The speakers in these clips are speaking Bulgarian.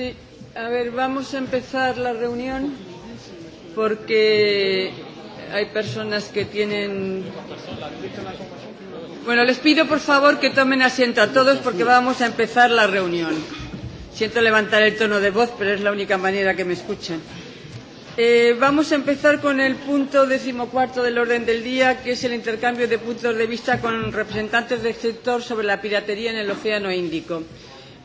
Sí, a ver, vamos a empezar la reunión porque hay personas que tienen. Bueno, les pido por favor que tomen asiento a todos porque vamos a empezar la reunión. Siento levantar el tono de voz, pero es la única manera que me escuchan. Eh, vamos a empezar con el punto decimocuarto del orden del día, que es el intercambio de puntos de vista con representantes del sector sobre la piratería en el Océano Índico.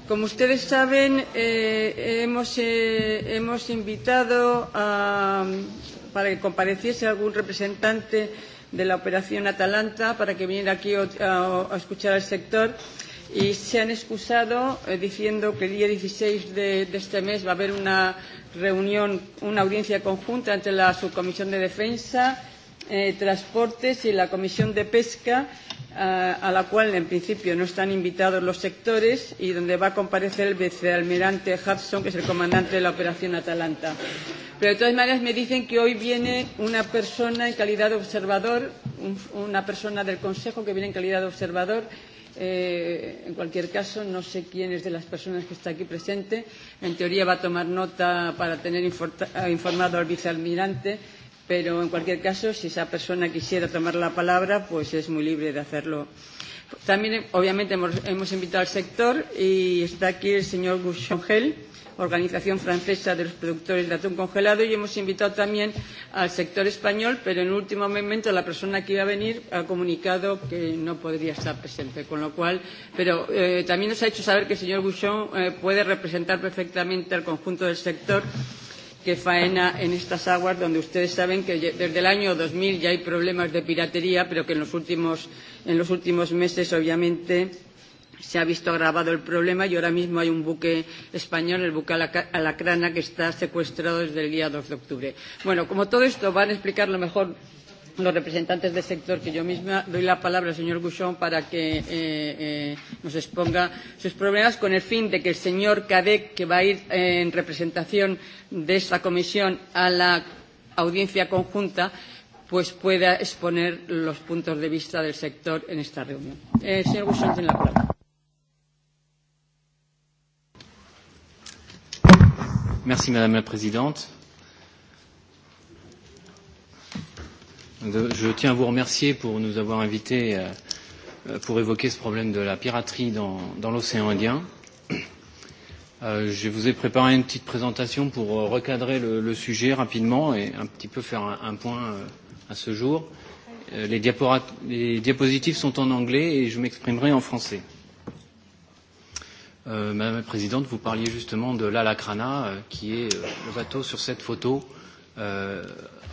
Como ustedes saben, eh, hemos, eh, hemos invitado a, para que compareciese algún representante de la operación Atalanta para que viniera aquí a, a escuchar al sector y se han excusado eh, diciendo que el día 16 de, de este mes va a haber una reunión, una audiencia conjunta entre la Subcomisión de Defensa eh, Transportes y la Comisión de Pesca, a, a la cual en principio no están invitados los sectores y donde va a comparecer el vicealmirante Hudson, que es el comandante de la Operación Atalanta. Pero de todas maneras me dicen que hoy viene una persona en calidad de observador, un, una persona del Consejo que viene en calidad de observador. Eh, en cualquier caso, no sé quién es de las personas que está aquí presente. En teoría va a tomar nota para tener informado al vicealmirante pero en cualquier caso, si esa persona quisiera tomar la palabra, pues es muy libre de hacerlo. También, obviamente, hemos, hemos invitado al sector y está aquí el señor Gouchongel, Organización Francesa de los Productores de Atún Congelado, y hemos invitado también al sector español, pero en último momento la persona que iba a venir ha comunicado que no podría estar presente, con lo cual, pero eh, también nos ha hecho saber que el señor Gouchon eh, puede representar perfectamente al conjunto del sector que faena en estas aguas donde ustedes saben que desde el año 2000 ya hay problemas de piratería, pero que en los últimos, en los últimos meses obviamente se ha visto agravado el problema y ahora mismo hay un buque español, el buque Alacrana, que está secuestrado desde el día 2 de octubre. Bueno, como todo esto van a explicarlo mejor los representantes del sector que yo misma doy la palabra al señor Gouchon para que eh, eh, nos exponga sus problemas con el fin de que el señor Cadec, que va a ir eh, en representación de esta comisión a la audiencia conjunta, pues pueda exponer los puntos de vista del sector en esta reunión. Eh, señor Gouchon, tiene la palabra. Merci, Madame la Présidente Je tiens à vous remercier pour nous avoir invités pour évoquer ce problème de la piraterie dans, dans l'océan Indien. Je vous ai préparé une petite présentation pour recadrer le, le sujet rapidement et un petit peu faire un, un point à ce jour. Les, les diapositives sont en anglais et je m'exprimerai en français. Euh, Madame la Présidente, vous parliez justement de l'Alacrana, euh, qui est euh, le bateau sur cette photo euh, euh,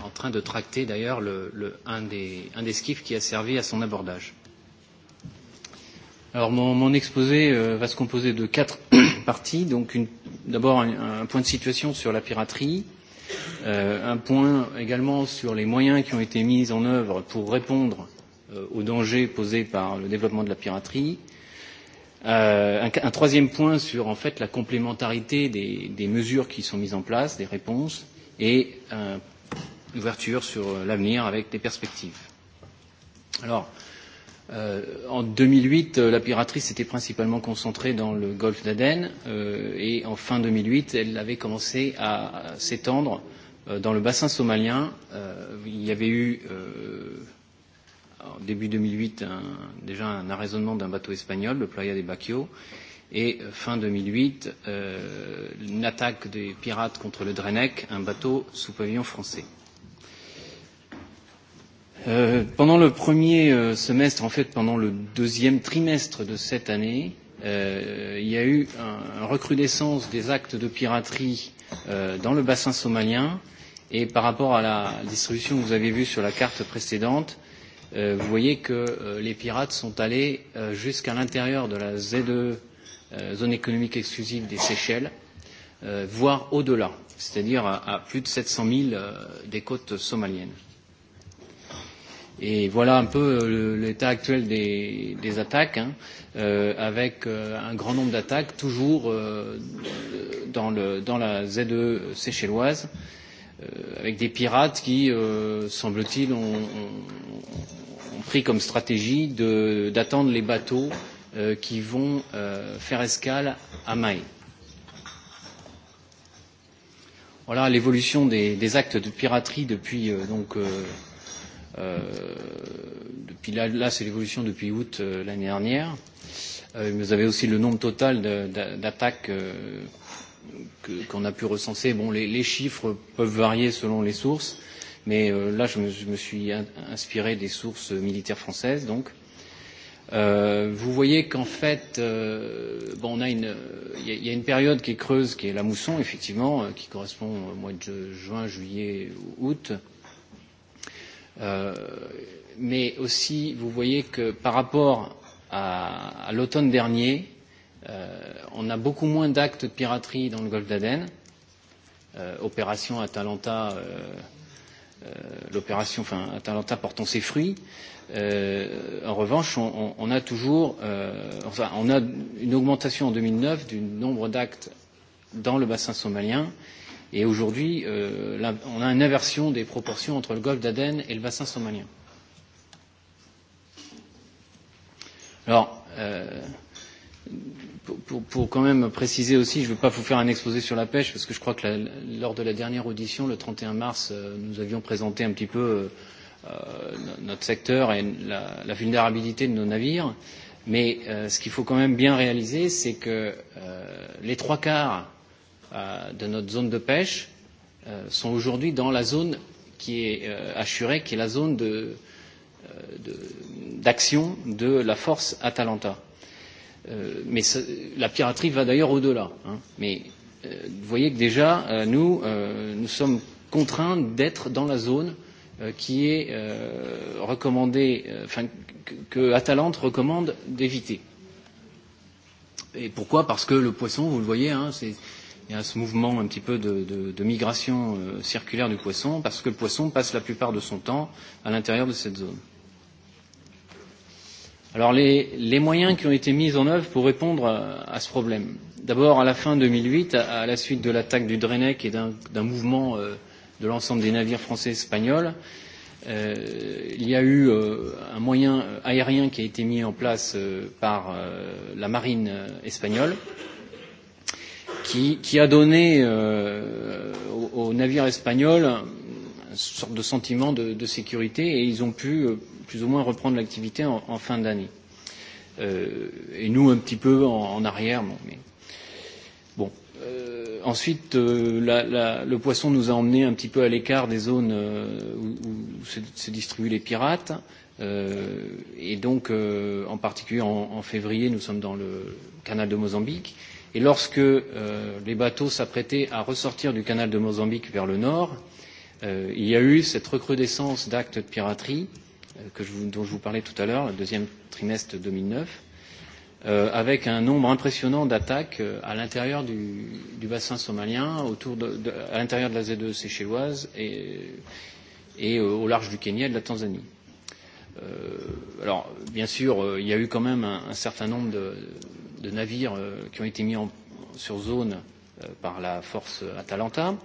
en train de tracter d'ailleurs le, le, un, des, un des skiffs qui a servi à son abordage. Alors mon, mon exposé euh, va se composer de quatre parties. Donc d'abord un, un point de situation sur la piraterie, euh, un point également sur les moyens qui ont été mis en œuvre pour répondre euh, aux dangers posés par le développement de la piraterie, un, un troisième point sur en fait la complémentarité des, des mesures qui sont mises en place, des réponses, et euh, ouverture sur l'avenir avec des perspectives. Alors, euh, en 2008, la piraterie s'était principalement concentrée dans le golfe d'Aden euh, et en fin 2008, elle avait commencé à s'étendre euh, dans le bassin somalien. Euh, il y avait eu euh, début 2008 un, déjà un arraisonnement d'un bateau espagnol, le Playa de Bacchio, et fin 2008, euh, une attaque des pirates contre le Drenek, un bateau sous pavillon français. Euh, pendant le premier euh, semestre, en fait pendant le deuxième trimestre de cette année, euh, il y a eu un, un recrudescence des actes de piraterie euh, dans le bassin somalien et par rapport à la distribution que vous avez vue sur la carte précédente, euh, vous voyez que euh, les pirates sont allés euh, jusqu'à l'intérieur de la ZE zone économique exclusive des Seychelles, voire au-delà, c'est-à-dire à plus de 700 000 des côtes somaliennes. Et voilà un peu l'état actuel des, des attaques, hein, euh, avec euh, un grand nombre d'attaques toujours euh, dans, le, dans la ZE séchelloise, euh, avec des pirates qui, euh, semble-t-il, ont, ont, ont pris comme stratégie d'attendre les bateaux euh, qui vont faire escale à Maé. Voilà l'évolution des, des actes de piraterie depuis euh, donc euh, euh, depuis là, là c'est l'évolution depuis août euh, l'année dernière. Euh, vous avez aussi le nombre total d'attaques euh, qu'on a pu recenser. Bon, les, les chiffres peuvent varier selon les sources, mais euh, là, je me, je me suis inspiré des sources militaires françaises, donc vous voyez qu'en fait, bon, on a une, il y, a une période qui est creuse, qui est la mousson, effectivement, qui correspond au mois de juin, juillet, août. mais aussi, vous voyez que par rapport à, à l'automne dernier, on a beaucoup moins d'actes de piraterie dans le golfe d'Aden. opération Atalanta, l'opération enfin, Atalanta portant ses fruits en revanche, on, on a toujours enfin, on a une augmentation en 2009 du nombre d'actes dans le bassin somalien. Et aujourd'hui, euh, on a une inversion des proportions entre le golfe d'Aden et le bassin somalien. Alors, euh, pour, pour quand même préciser aussi, je ne veux pas vous faire un exposé sur la pêche, parce que je crois que la, lors de la dernière audition, le 31 mars, euh, nous avions présenté un petit peu. Euh, notre secteur et la, la vulnérabilité de nos navires. Mais euh, ce qu'il faut quand même bien réaliser, c'est que euh, les trois quarts euh, de notre zone de pêche euh, sont aujourd'hui dans la zone qui est euh, assurée, qui est la zone d'action de, euh, de, de la force Atalanta. Euh, mais ce, la piraterie va d'ailleurs au-delà. Hein. Mais euh, vous voyez que déjà, euh, nous, euh, nous sommes contraints d'être dans la zone qui est recommandé, enfin, que Atalante recommande d'éviter. Et pourquoi Parce que le poisson, vous le voyez, hein, c'est, il y a ce mouvement un petit peu de, de, de migration euh, circulaire du poisson, parce que le poisson passe la plupart de son temps à l'intérieur de cette zone. Alors les, les moyens qui ont été mis en œuvre pour répondre à, à ce problème. D'abord, à la fin 2008, à, à la suite de l'attaque du Drenek et d'un mouvement euh, de l'ensemble des navires français et espagnols. Euh, il y a eu euh, un moyen aérien qui a été mis en place euh, par euh, la marine espagnole qui, qui a donné euh, aux, aux navires espagnols une sorte de sentiment de, de sécurité et ils ont pu euh, plus ou moins reprendre l'activité en, en fin d'année. Euh, et nous, un petit peu en, en arrière. Bon, mais... bon ensuite, le poisson nous a emmenés un petit peu à l'écart des zones où, se, distribuent les pirates. et donc, en particulier en, février, nous sommes dans le canal de Mozambique. Et lorsque les bateaux s'apprêtaient à ressortir du canal de Mozambique vers le nord, il y a eu cette recrudescence d'actes de piraterie dont je vous parlais tout à l'heure, le deuxième trimestre deux mille neuf avec un nombre impressionnant d'attaques à l'intérieur du, bassin somalien, autour de, à l'intérieur de la z séchelloise et, et au large du Kenya et de la Tanzanie. alors, bien sûr, il y a eu quand même un, un certain nombre de, de navires qui ont été mis en, sur zone par la force Atalanta.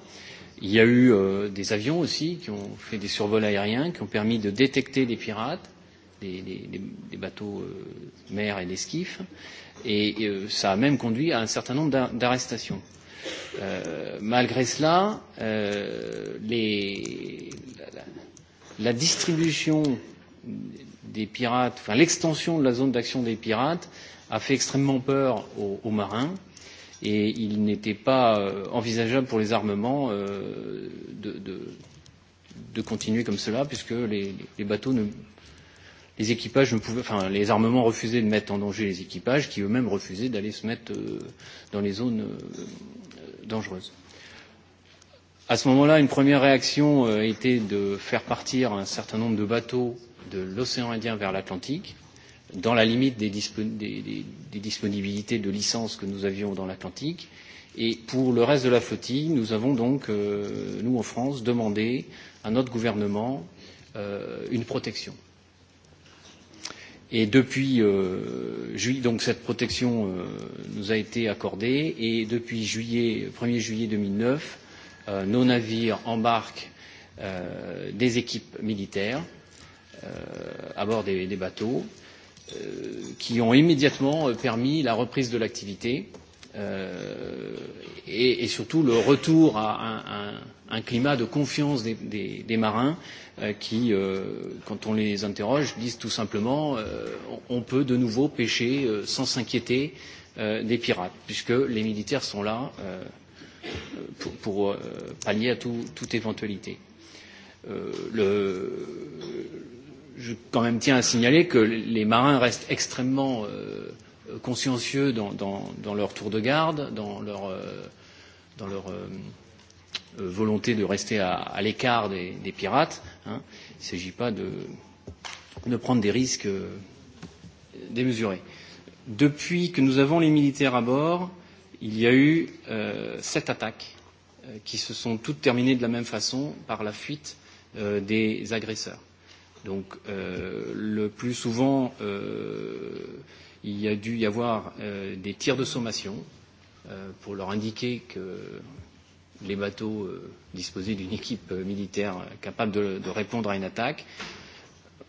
Il y a eu des avions aussi qui ont fait des survols aériens, qui ont permis de détecter des pirates des, des, des, bateaux euh, mers et d'esquifs. Et, et euh, ça a même conduit à un certain nombre d'arrestations. Euh, malgré cela, euh, les, la, la, la distribution des pirates, enfin l'extension de la zone d'action des pirates, a fait extrêmement peur aux, aux marins et il n'était pas euh, envisageable pour les armements euh, de, de, de continuer comme cela puisque les, les bateaux ne les équipages ne pouvaient, enfin, les armements refusaient de mettre en danger les équipages, qui eux-mêmes refusaient d'aller se mettre euh, dans les zones euh, dangereuses. À ce moment-là, une première réaction euh, était de faire partir un certain nombre de bateaux de l'océan Indien vers l'Atlantique, dans la limite des, dispo des, des, des disponibilités de licences que nous avions dans l'Atlantique. Et pour le reste de la flottille, nous avons donc, euh, nous en France, demandé à notre gouvernement euh, une protection Et depuis juillet, donc cette protection nous a été accordée et depuis juillet, 1er juillet 2009, neuf, nos navires embarquent des équipes militaires à bord des, des bateaux qui ont immédiatement permis la reprise de l'activité et, et surtout le retour à un, un, un climat de confiance des, des, des marins euh, qui, euh, quand on les interroge, disent tout simplement euh, on peut de nouveau pêcher euh, sans s'inquiéter euh, des pirates, puisque les militaires sont là euh, pour, pour euh, pallier à tout, toute éventualité. Euh, le, je quand même tiens à signaler que les marins restent extrêmement euh, consciencieux dans, dans, dans leur tour de garde, dans leur, euh, dans leur euh, volonté de rester à, à l'écart des, des pirates. Hein. Il ne s'agit pas de, de prendre des risques démesurés. Depuis que nous avons les militaires à bord, il y a eu euh, sept attaques qui se sont toutes terminées de la même façon par la fuite euh, des agresseurs. Donc euh, le plus souvent, euh, il y a dû y avoir euh, des tirs de sommation euh, pour leur indiquer que les bateaux disposaient d'une équipe militaire capable de, de répondre à une attaque.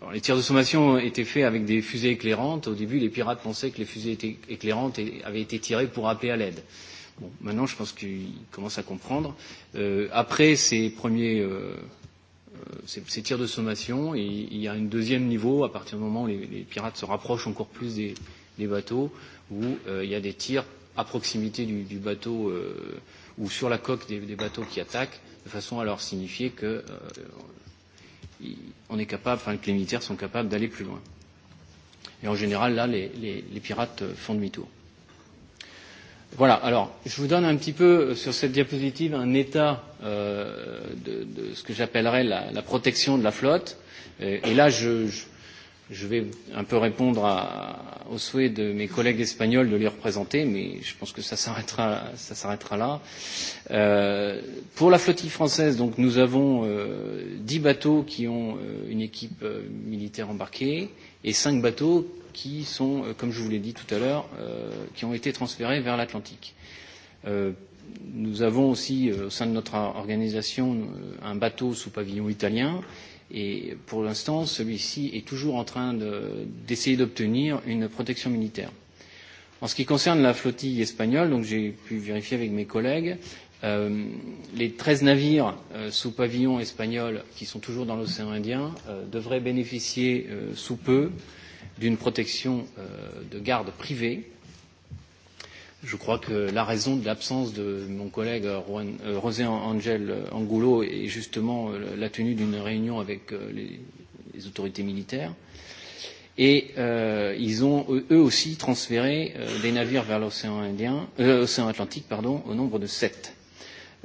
Alors, les tirs de sommation étaient faits avec des fusées éclairantes. Au début, les pirates pensaient que les fusées étaient éclairantes et avaient été tirées pour appeler à l'aide. Bon, maintenant, je pense qu'ils commencent à comprendre. Euh, après ces premiers euh, ces, ces tirs de sommation, il, il y a un deuxième niveau à partir du moment où les, les pirates se rapprochent encore plus des, des bateaux, où euh, il y a des tirs à proximité du, du bateau. Euh, ou sur la coque des, des bateaux qui attaquent, de façon à leur signifier que euh, on est capable, enfin que les militaires sont capables d'aller plus loin. Et en général, là, les, les, les pirates font demi-tour. Voilà, alors je vous donne un petit peu sur cette diapositive un état euh, de, de ce que j'appellerais la, la protection de la flotte. Et, et là, je, je, je vais un peu répondre à, au souhait de mes collègues espagnols de les représenter, mais je pense que ça s'arrêtera, ça s'arrêtera là. Euh, pour la flottille française, donc, nous avons euh, 10 bateaux qui ont euh, une équipe euh, militaire embarquée et 5 bateaux qui sont, euh, comme je vous l'ai dit tout à l'heure, euh, qui ont été transférés vers l'Atlantique. Euh, nous avons aussi, euh, au sein de notre organisation, un bateau sous pavillon italien Et pour l'instant, celui-ci est toujours en train d'essayer d'obtenir une protection militaire. En ce qui concerne la flottille espagnole, donc j'ai pu vérifier avec mes collègues, euh, les 13 navires euh, sous pavillon espagnol qui sont toujours dans l'océan Indien euh, devraient bénéficier euh, sous peu d'une protection euh, de garde privée Je crois que la raison de l'absence de mon collègue José Angel Angulo est justement la tenue d'une réunion avec les, les autorités militaires. Et euh, ils ont eux aussi transféré euh, des navires vers l'océan Indien, euh, océan Atlantique, pardon, au nombre de sept.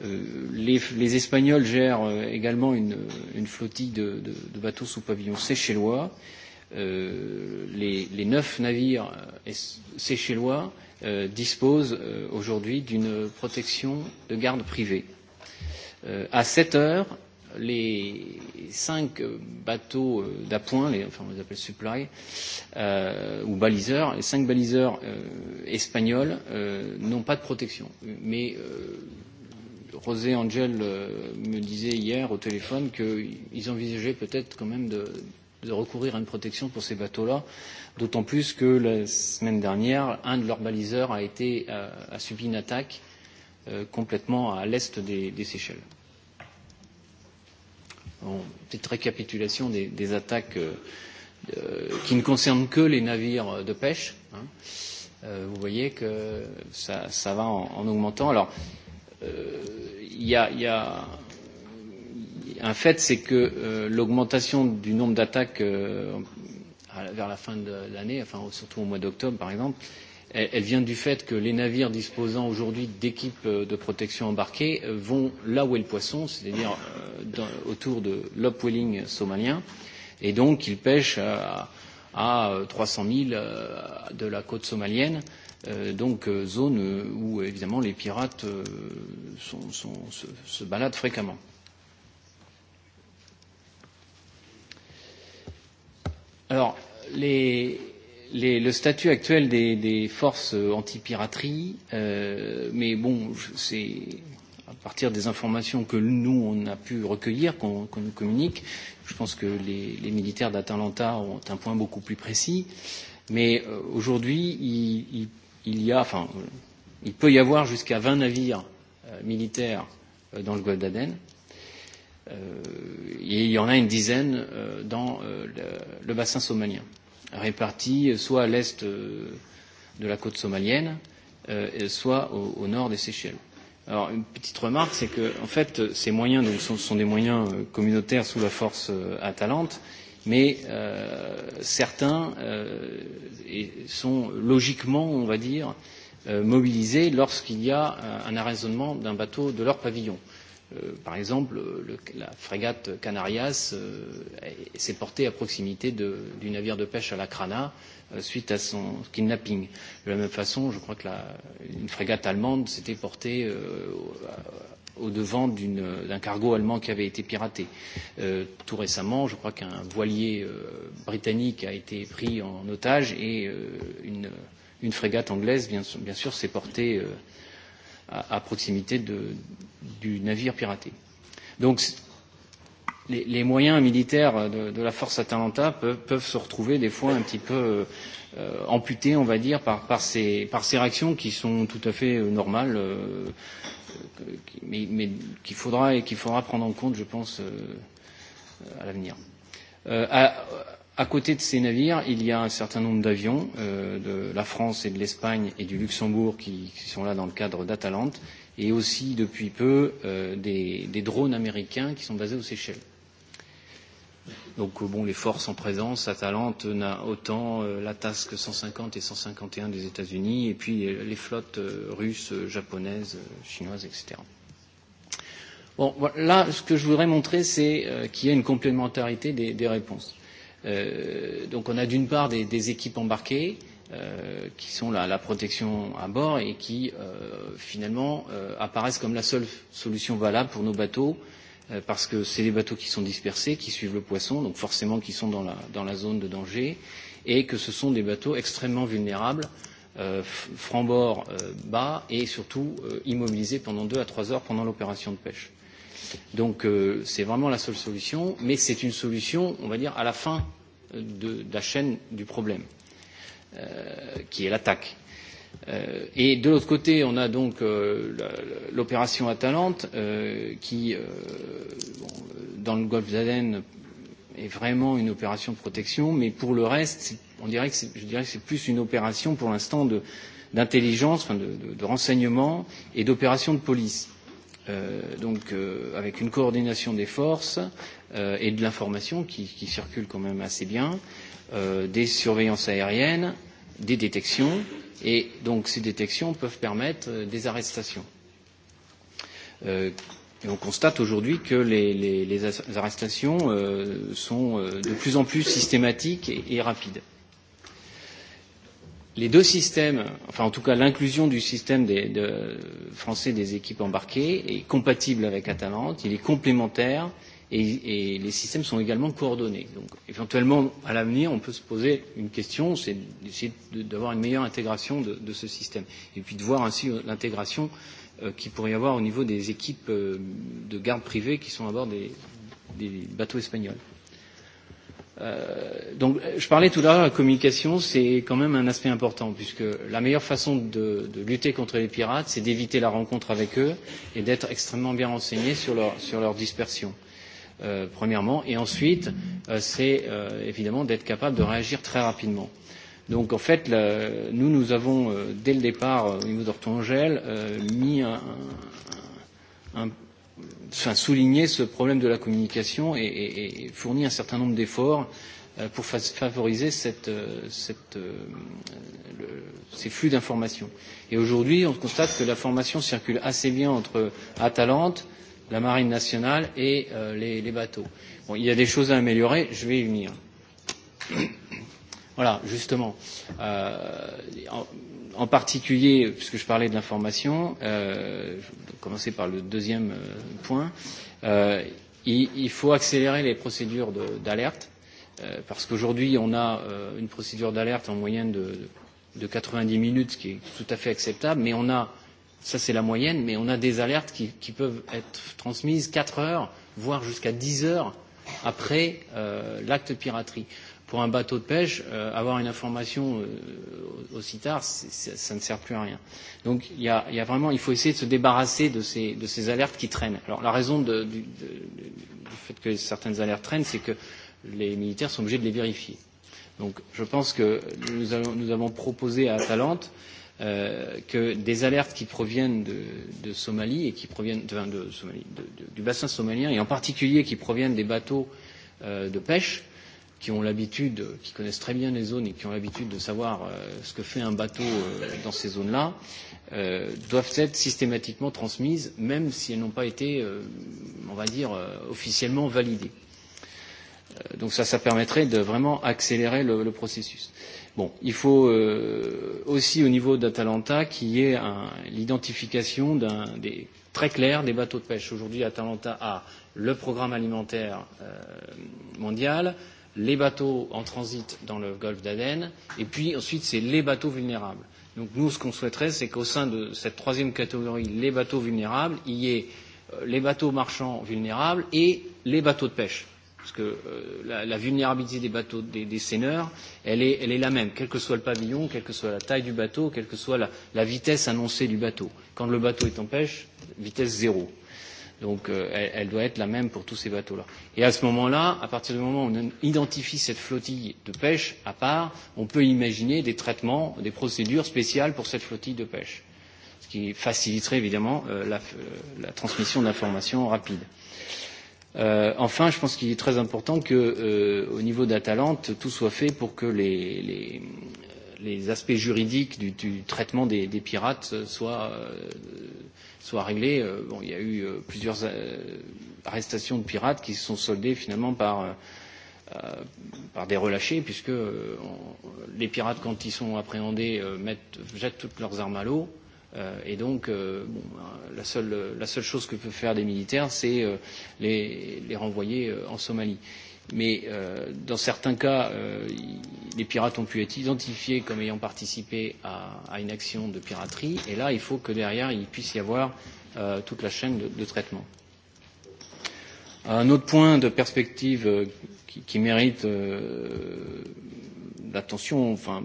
Euh, les, les Espagnols gèrent euh, également une, une flottille de, de, de bateaux sous pavillon séchellois. Euh, les, les neuf navires séchellois dispose aujourd'hui d'une protection de garde privée. à sept heures, les cinq bateaux d'appoint, enfin on les appelle supply ou baliseurs, les cinq baliseurs espagnols n'ont pas de protection. Mais Rosé Angel me disait hier au téléphone qu'ils envisageaient peut-être quand même de de recourir à une protection pour ces bateaux-là, d'autant plus que la semaine dernière, un de leurs baliseurs a, été, a, subi une attaque complètement à l'est des, des Seychelles. Bon, petite récapitulation des, des attaques euh, qui ne concernent que les navires de pêche. Hein. Euh, vous voyez que ça, ça va en, en augmentant. Alors, il euh, y a, y a un fait, c'est que l'augmentation du nombre d'attaques vers la fin de l'année, enfin surtout au mois d'octobre par exemple, elle, vient du fait que les navires disposant aujourd'hui d'équipes de protection embarquées vont là où est le poisson, c'est-à-dire autour de l'upwelling somalien, et donc ils pêchent à, à 300 000 de la côte somalienne, donc zone où évidemment les pirates sont, sont, se, se baladent fréquemment. Alors, les, les, le statut actuel des, des forces anti-piraterie, euh, mais bon, c'est à partir des informations que nous, on a pu recueillir, qu'on qu nous communique. Je pense que les, les militaires d'Atalanta ont un point beaucoup plus précis. Mais euh, aujourd'hui, il, il, il y a, enfin, il peut y avoir jusqu'à 20 navires euh, militaires euh, dans le Golfe d'Aden. Euh, et il y en a une dizaine dans le bassin somalien, répartis soit à l'est de la côte somalienne, soit au nord des Seychelles. Alors une petite remarque, c'est que en fait ces moyens donc, sont, sont des moyens communautaires sous la force euh, Atalante, mais euh, certains euh, sont logiquement, on va dire, euh, mobilisés lorsqu'il y a un arraisonnement d'un bateau de leur pavillon. Euh, par exemple, le, la frégate Canarias s'est portée à proximité de, du navire de pêche à la Crana suite à son kidnapping. De la même façon, je crois que la, une frégate allemande s'était portée au devant d'un cargo allemand qui avait été piraté. Euh, tout récemment, je crois qu'un voilier euh, britannique a été pris en otage et euh, une, une frégate anglaise, bien, bien sûr, s'est portée euh, à, à proximité de, du navire piraté. Donc les, les moyens militaires de, de la force Atalanta peuvent, peuvent se retrouver des fois un petit peu euh, amputés, on va dire, par, par, ces, par ces réactions qui sont tout à fait normales, euh, mais, mais qu'il faudra qu faudra prendre en compte, je pense, euh, à l'avenir. Euh, à, À côté de ces navires, il y a un certain nombre d'avions euh, de la France et de l'Espagne et du Luxembourg qui, qui sont là dans le cadre d'Atalante, et aussi depuis peu euh, des, des drones américains qui sont basés aux Seychelles. Donc bon, les forces en présence, Atalante, n'a euh, la TASC 150 et 151 des États-Unis, et puis les flottes russes, japonaises, chinoises, etc. Bon, là, ce que je voudrais montrer, c'est qu'il y a une complémentarité des, des réponses donc on a d'une part des, des équipes embarquées euh, qui sont la, la protection à bord et qui euh, finalement euh, apparaissent comme la seule solution valable pour nos bateaux euh, parce que c'est des bateaux qui sont dispersés, qui suivent le poisson, donc forcément qui sont dans la, dans la zone de danger et que ce sont des bateaux extrêmement vulnérables euh, franc-bord euh, bas et surtout euh, immobilisés pendant deux à trois heures pendant l'opération de pêche. Euh, Donc c'est vraiment la seule solution, mais c'est une solution, on va dire, à la fin de, la chaîne du problème, qui est l'attaque. et de l'autre côté, on a donc l'opération Atalante, qui, dans le golfe d'Aden, est vraiment une opération de protection, mais pour le reste, on dirait que je dirais que c'est plus une opération pour l'instant d'intelligence, enfin de, de, de renseignement et d'opération de police donc avec une coordination des forces et de l'information qui, qui circule quand même assez bien, des surveillances aériennes, des détections, et donc ces détections peuvent permettre des arrestations. Et on constate aujourd'hui que les, les, les arrestations euh, sont de plus en plus systématiques et, et rapides les deux systèmes, enfin en tout cas l'inclusion du système des, de, français des équipes embarquées est compatible avec Atalante, il est complémentaire et, et les systèmes sont également coordonnés. Donc éventuellement, à l'avenir, on peut se poser une question, c'est d'essayer d'avoir une meilleure intégration de, de ce système et puis de voir ainsi l'intégration euh, qu'il pourrait y avoir au niveau des équipes euh, de garde privée qui sont à bord des, des bateaux espagnols. Euh, donc, je parlais tout à l'heure, la communication, c'est quand même un aspect important, puisque la meilleure façon de, de lutter contre les pirates, c'est d'éviter la rencontre avec eux et d'être extrêmement bien renseigné sur leur, sur leur dispersion, euh, premièrement. Et ensuite, euh, c'est euh, évidemment d'être capable de réagir très rapidement. Donc, en fait, la, nous, nous avons, euh, dès le départ, au niveau d'Orton d'Ortongel, euh, mis un, un, enfin, souligner ce problème de la communication et, et, et fournit un certain nombre d'efforts pour favoriser cette, cette, le, ces flux d'informations. Et aujourd'hui, on constate que la formation circule assez bien entre Atalante, la marine nationale et euh, les, les bateaux. Bon, il y a des choses à améliorer, je vais y venir. Voilà, justement. Euh, en particulier, puisque je parlais de l'information, euh, commencer par le deuxième point, euh, il, il faut accélérer les procédures d'alerte, euh, parce qu'aujourd'hui, on a euh, une procédure d'alerte en moyenne de, de 90 minutes, ce qui est tout à fait acceptable, mais on a, ça c'est la moyenne, mais on a des alertes qui, qui peuvent être transmises 4 heures, voire jusqu'à 10 heures après euh, l'acte de piraterie pour un bateau de pêche, euh, avoir une information euh, aussi tard, ça ne sert plus à rien. Donc il y a, y a vraiment, il faut essayer de se débarrasser de ces, de ces alertes qui traînent. Alors la raison de, du, de, du fait que certaines alertes traînent, c'est que les militaires sont obligés de les vérifier. Donc je pense que nous, avons, nous avons proposé à Atalante euh, que des alertes qui proviennent de, de Somalie et qui proviennent de, de, Somalie, de, de, du bassin somalien et en particulier qui proviennent des bateaux euh, de pêche qui ont l'habitude, qui connaissent très bien les zones et qui ont l'habitude de savoir ce que fait un bateau dans ces zones-là, doivent être systématiquement transmises, même si elles n'ont pas été, on va dire, officiellement validées. Donc ça, ça permettrait de vraiment accélérer le, le processus. Bon, il faut euh, aussi au niveau d'Atalanta qu'il y ait l'identification des, très claire des bateaux de pêche. Aujourd'hui, Atalanta a le programme alimentaire euh, mondial, euh, les bateaux en transit dans le golfe d'Aden, et puis ensuite c'est les bateaux vulnérables. Donc nous, ce qu'on souhaiterait, c'est qu'au sein de cette troisième catégorie, les bateaux vulnérables, il y ait les bateaux marchands vulnérables et les bateaux de pêche. Parce que euh, la, la vulnérabilité des bateaux, des, des seineurs, elle est, elle est la même, quel que soit le pavillon, quelle que soit la taille du bateau, quelle que soit la, la vitesse annoncée du bateau. Quand le bateau est en pêche, vitesse zéro. Donc euh, elle, elle doit être la même pour tous ces bateaux-là. Et à ce moment-là, à partir du moment où on identifie cette flottille de pêche à part, on peut imaginer des traitements, des procédures spéciales pour cette flottille de pêche, ce qui faciliterait évidemment euh, la, la transmission d'informations rapides. Euh, enfin, je pense qu'il est très important que, euh, au niveau d'Atalante, tout soit fait pour que les, les, les aspects juridiques du, du traitement des, des pirates soient euh, soit Euh, Bon, il y a eu plusieurs arrestations de pirates qui se sont soldées finalement par, par des relâchés, puisque les pirates, quand ils sont appréhendés, mettent, jettent toutes leurs armes à l'eau. Euh, et donc, euh, bon, la, seule, la seule chose que peuvent faire des militaires, c'est euh, les, les renvoyer euh, en Somalie. Euh, Mais dans certains cas, les pirates ont pu être identifiés comme ayant participé à, une action de piraterie. Et là, il faut que derrière, il puisse y avoir toute la chaîne de, traitement. Un autre point de perspective qui, mérite l'attention, enfin,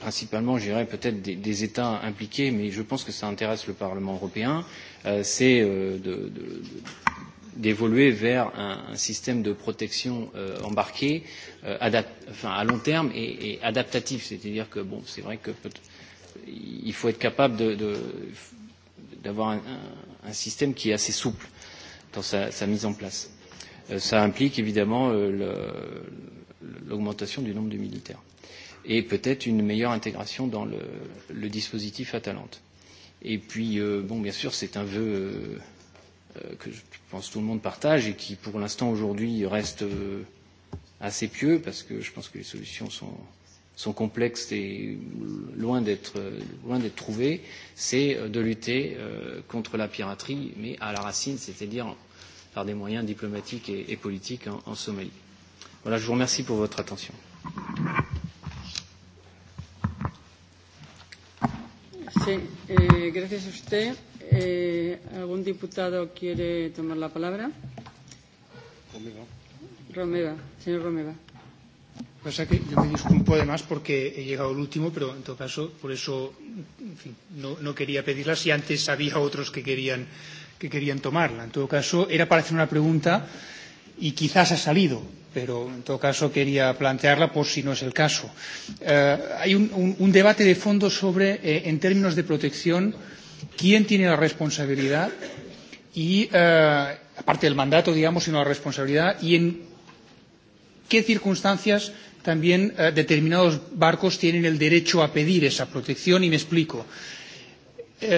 principalement, je dirais peut-être des, des États impliqués, mais je pense que ça intéresse le Parlement européen, euh, c'est euh, de, de, d'évoluer vers un, un système de protection euh, embarqué euh, adap enfin, à long terme et, et adaptatif. C'est-à-dire que bon, c'est vrai que il faut être capable d'avoir de, de, un, un, un système qui est assez souple dans sa, sa mise en place. Euh, ça implique évidemment euh, l'augmentation du nombre de militaires et peut-être une meilleure intégration dans le, le dispositif Atalante. Et puis, euh, bon, bien sûr, c'est un vœu. Euh, que je pense tout le monde partage et qui, pour l'instant, aujourd'hui, reste assez pieux parce que je pense que les solutions sont, sont complexes et loin d'être trouvées, c'est de lutter contre la piraterie, mais à la racine, c'est-à-dire par des moyens diplomatiques et, et politiques en, en Somalie. Voilà, je vous remercie pour votre attention. Sí, eh, gracias a usted. Eh, ¿Algún diputado quiere tomar la palabra? Romeva. Romeva, señor Romeva. Pasa que yo me disculpo además porque he llegado el último, pero en todo caso, por eso en fin, no, no quería pedirla si antes había otros que querían, que querían tomarla. En todo caso, era para hacer una pregunta y quizás ha salido, pero en todo caso quería plantearla por si no es el caso. Eh, hay un, un, un debate de fondo sobre, eh, en términos de protección, eh, quién tiene la responsabilidad y, eh, aparte del mandato, digamos, sino la responsabilidad y en qué circunstancias también eh, determinados barcos tienen el derecho a pedir esa protección y me explico.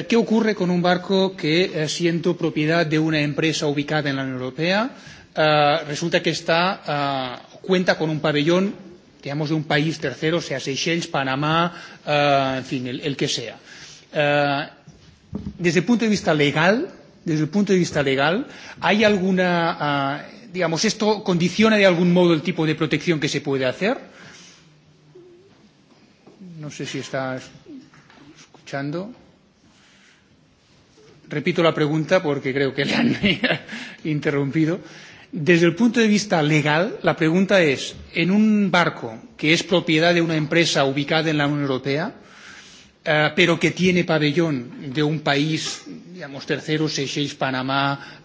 ¿Qué ocurre con un barco que eh, siendo propiedad de una empresa ubicada en la Unión Europea eh, resulta que está, eh, cuenta con un pabellón, digamos, de un país tercero, sea Seychelles, Panamá, eh, en fin, el, el que sea? Eh, desde el punto de vista legal, desde el punto de vista legal, ¿hay alguna, uh, digamos, esto condiciona de algún modo el tipo de protección que se puede hacer? No sé si está escuchando. Repito la pregunta porque creo que le han interrumpido. Desde el punto de vista legal, la pregunta es, en un barco que es propiedad de una empresa ubicada en la Unión Europea, pero que tiene pabellón de un país, digamos, tercero, Seychelles, Panamá,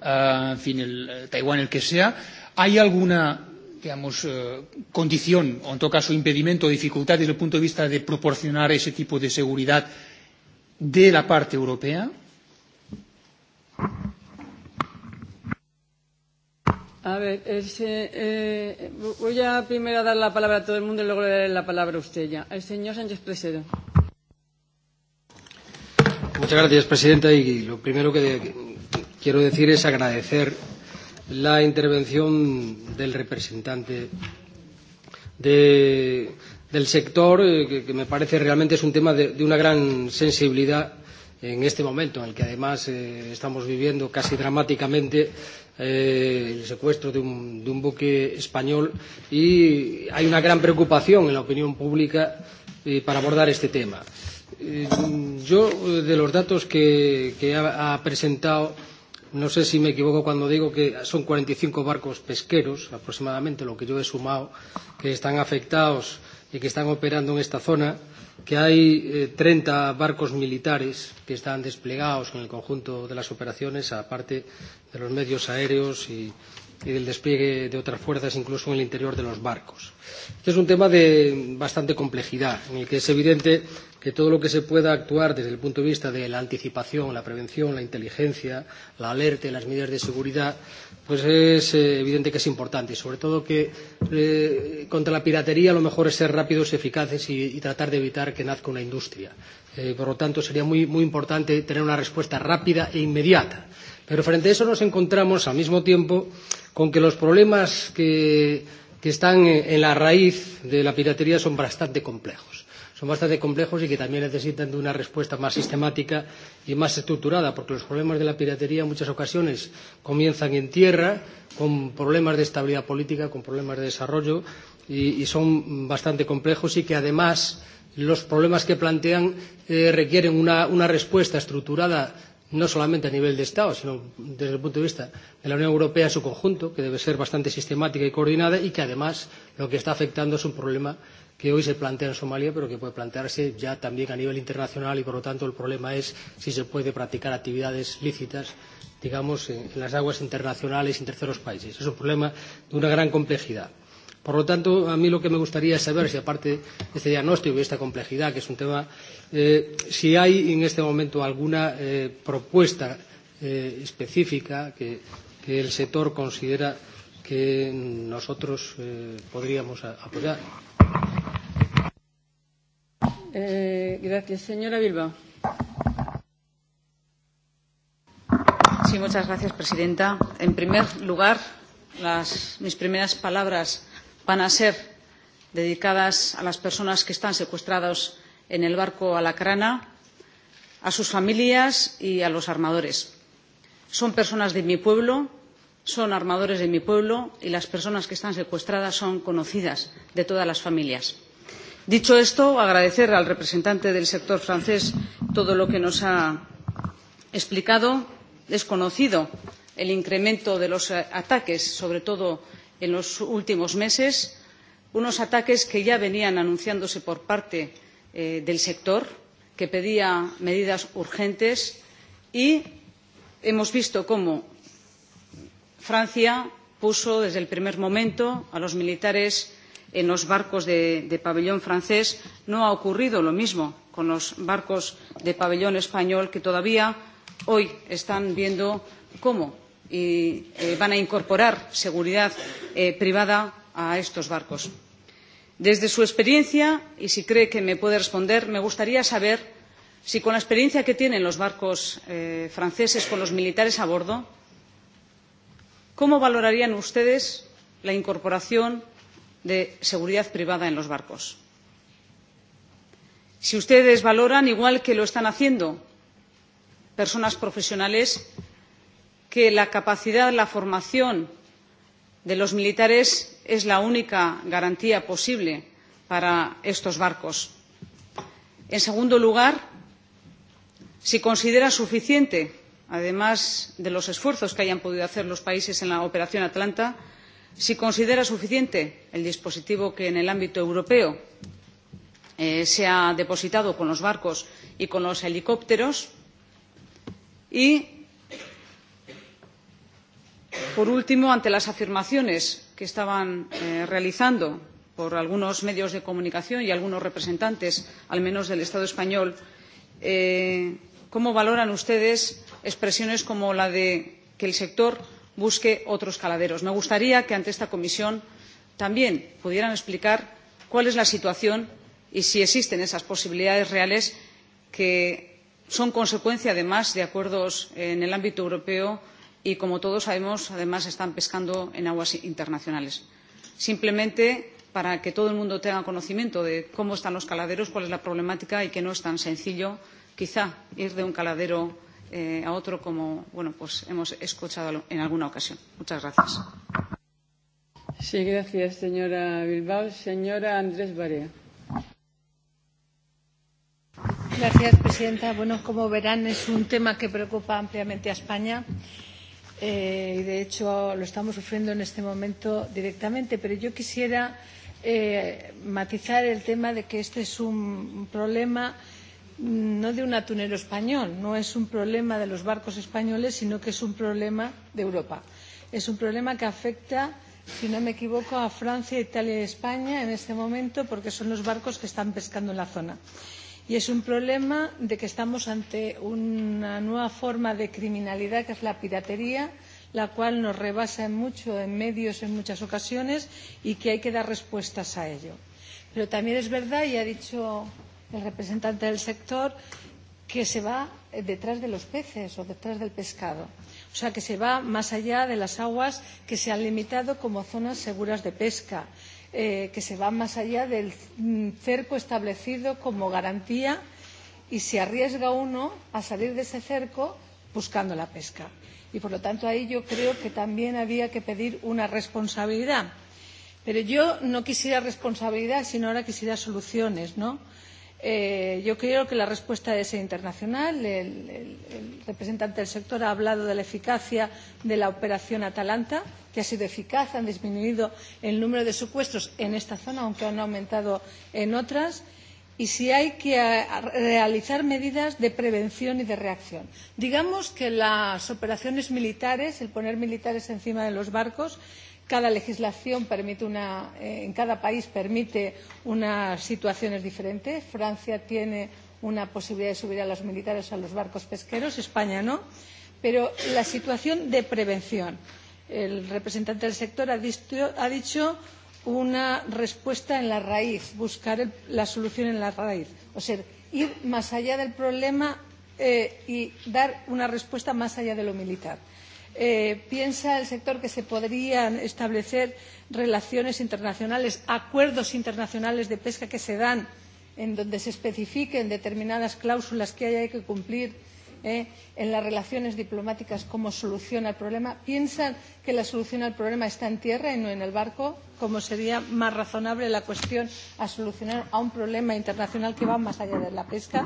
en fin, el, Taiwán, el que sea, ¿hay alguna digamos, condición, o en todo caso impedimento o dificultad desde el punto de vista de proporcionar ese tipo de seguridad de la parte europea? A ver, eh, voy a primero dar la palabra a todo el mundo y luego le daré la palabra a usted ya. El señor Sánchez Presero. Muchas gracias, presidenta. Y lo primero que quiero decir es agradecer la intervención del representante de, del sector, que, que me parece realmente es un tema de, de una gran sensibilidad en este momento en el que además eh, estamos viviendo casi dramáticamente eh, el secuestro de un, de un buque español y hay una gran preocupación en la opinión pública eh, para abordar este tema yo, de los datos que, que ha, ha presentado, no sé si me equivoco cuando digo que son 45 barcos pesqueros, aproximadamente lo que yo he sumado, que están afectados y que están operando en esta zona, que hay eh, 30 barcos militares que están desplegados en el conjunto de las operaciones, aparte de los medios aéreos y, y del despliegue de otras fuerzas, incluso en el interior de los barcos. Este es un tema de bastante complejidad, en el que es evidente que todo lo que se pueda actuar desde el punto de vista de la anticipación, la prevención, la inteligencia, la alerta y las medidas de seguridad, pues es evidente que es importante. Y sobre todo que contra la piratería lo mejor es ser rápidos, eficaces y, tratar de evitar que nazca una industria. por lo tanto, sería muy, muy importante tener una respuesta rápida e inmediata. Pero frente a eso nos encontramos al mismo tiempo con que los problemas que, que están en la raíz de la piratería son bastante complejos son bastante complejos y que también necesitan de una respuesta más sistemática y más estructurada, porque los problemas de la piratería en muchas ocasiones comienzan en tierra, con problemas de estabilidad política, con problemas de desarrollo, y, y son bastante complejos y que además los problemas que plantean eh, requieren una, una respuesta estructurada no solamente a nivel de Estado, sino desde el punto de vista de la Unión Europea en su conjunto, que debe ser bastante sistemática y coordinada y que además lo que está afectando es un problema que hoy se plantea en Somalia, pero que puede plantearse ya también a nivel internacional y, por lo tanto, el problema es si se puede practicar actividades lícitas, digamos, en las aguas internacionales y en terceros países. Es un problema de una gran complejidad. Por lo tanto, a mí lo que me gustaría es saber si, aparte de este diagnóstico y esta complejidad, que es un tema, eh, si hay en este momento alguna eh, propuesta eh, específica que, que el sector considera que nosotros eh, podríamos apoyar gracias, señora Bilbao. Sí, muchas gracias, presidenta. En primer lugar, las, mis primeras palabras van a ser dedicadas a las personas que están secuestradas en el barco Alacrana, a sus familias y a los armadores. Son personas de mi pueblo, son armadores de mi pueblo y las personas que están secuestradas son conocidas de todas las familias dicho esto agradecer al representante del sector francés todo lo que nos ha explicado es conocido el incremento de los ataques sobre todo en los últimos meses unos ataques que ya venían anunciándose por parte del sector que pedía medidas urgentes y hemos visto cómo francia puso desde el primer momento a los militares en los barcos de, pabellón francés. No ha ocurrido lo mismo con los barcos de pabellón español, que todavía hoy están viendo cómo van a incorporar seguridad privada a estos barcos. Desde su experiencia, y si cree que me puede responder, me gustaría saber si con la experiencia que tienen los barcos franceses con los militares a bordo, ¿cómo valorarían ustedes la incorporación de seguridad privada en los barcos. Si ustedes valoran, igual que lo están haciendo personas profesionales, que la capacidad, la formación de los militares es la única garantía posible para estos barcos. En segundo lugar, si considera suficiente, además de los esfuerzos que hayan podido hacer los países en la operación Atalanta, si considera suficiente el dispositivo que en el ámbito europeo se ha depositado con los barcos y con los helicópteros y por último ante las afirmaciones que estaban realizando por algunos medios de comunicación y algunos representantes al menos del estado español cómo valoran ustedes expresiones como la de que el sector busque otros caladeros. me gustaría que ante esta comisión también pudieran explicar cuál es la situación y si existen esas posibilidades reales que son consecuencia además de acuerdos en el ámbito europeo y como todos sabemos además están pescando en aguas internacionales. simplemente para que todo el mundo tenga conocimiento de cómo están los caladeros cuál es la problemática y que no es tan sencillo quizá ir de un caladero eh, a otro como bueno pues hemos escuchado en alguna ocasión. Muchas gracias. Sí, gracias, señora Bilbao. Señora Andrés Barea. Gracias, presidenta. Bueno, como verán, es un tema que preocupa ampliamente a España eh, y, de hecho, lo estamos sufriendo en este momento directamente. Pero yo quisiera eh, matizar el tema de que este es un problema no de un atunero español, no es un problema de los barcos españoles, sino que es un problema de Europa. Es un problema que afecta, si no me equivoco, a Francia, Italia y España en este momento, porque son los barcos que están pescando en la zona. Y es un problema de que estamos ante una nueva forma de criminalidad, que es la piratería, la cual nos rebasa en mucho en medios en muchas ocasiones y que hay que dar respuestas a ello. Pero también es verdad, y ha dicho el representante del sector, que se va detrás de los peces o detrás del pescado. O sea, que se va más allá de las aguas que se han limitado como zonas seguras de pesca, eh, que se va más allá del cerco establecido como garantía y se arriesga uno a salir de ese cerco buscando la pesca. Y por lo tanto ahí yo creo que también había que pedir una responsabilidad. Pero yo no quisiera responsabilidad, sino ahora quisiera soluciones, ¿no? yo creo que la respuesta debe ser internacional. El, representante del sector ha hablado de la eficacia de la operación Atalanta, que ha sido eficaz, han disminuido el número de secuestros en esta zona, aunque han aumentado en otras. Y si hay que realizar medidas de prevención y de reacción. Digamos que las operaciones militares, el poner militares encima de los barcos, cada legislación permite una, eh, en cada país permite unas situaciones diferentes. Francia tiene una posibilidad de subir a los militares a los barcos pesqueros, España no. Pero la situación de prevención. El representante del sector ha dicho, ha dicho una respuesta en la raíz, buscar el, la solución en la raíz. O sea, ir más allá del problema eh, y dar una respuesta más allá de lo militar piensa el sector que se podrían establecer relaciones internacionales, acuerdos internacionales de pesca que se dan en donde se especifiquen determinadas cláusulas que haya que cumplir en las relaciones diplomáticas como solución al problema? ¿Piensan que la solución al problema está en tierra y no en el barco? como sería más razonable la cuestión a solucionar a un problema internacional que va más allá de la pesca?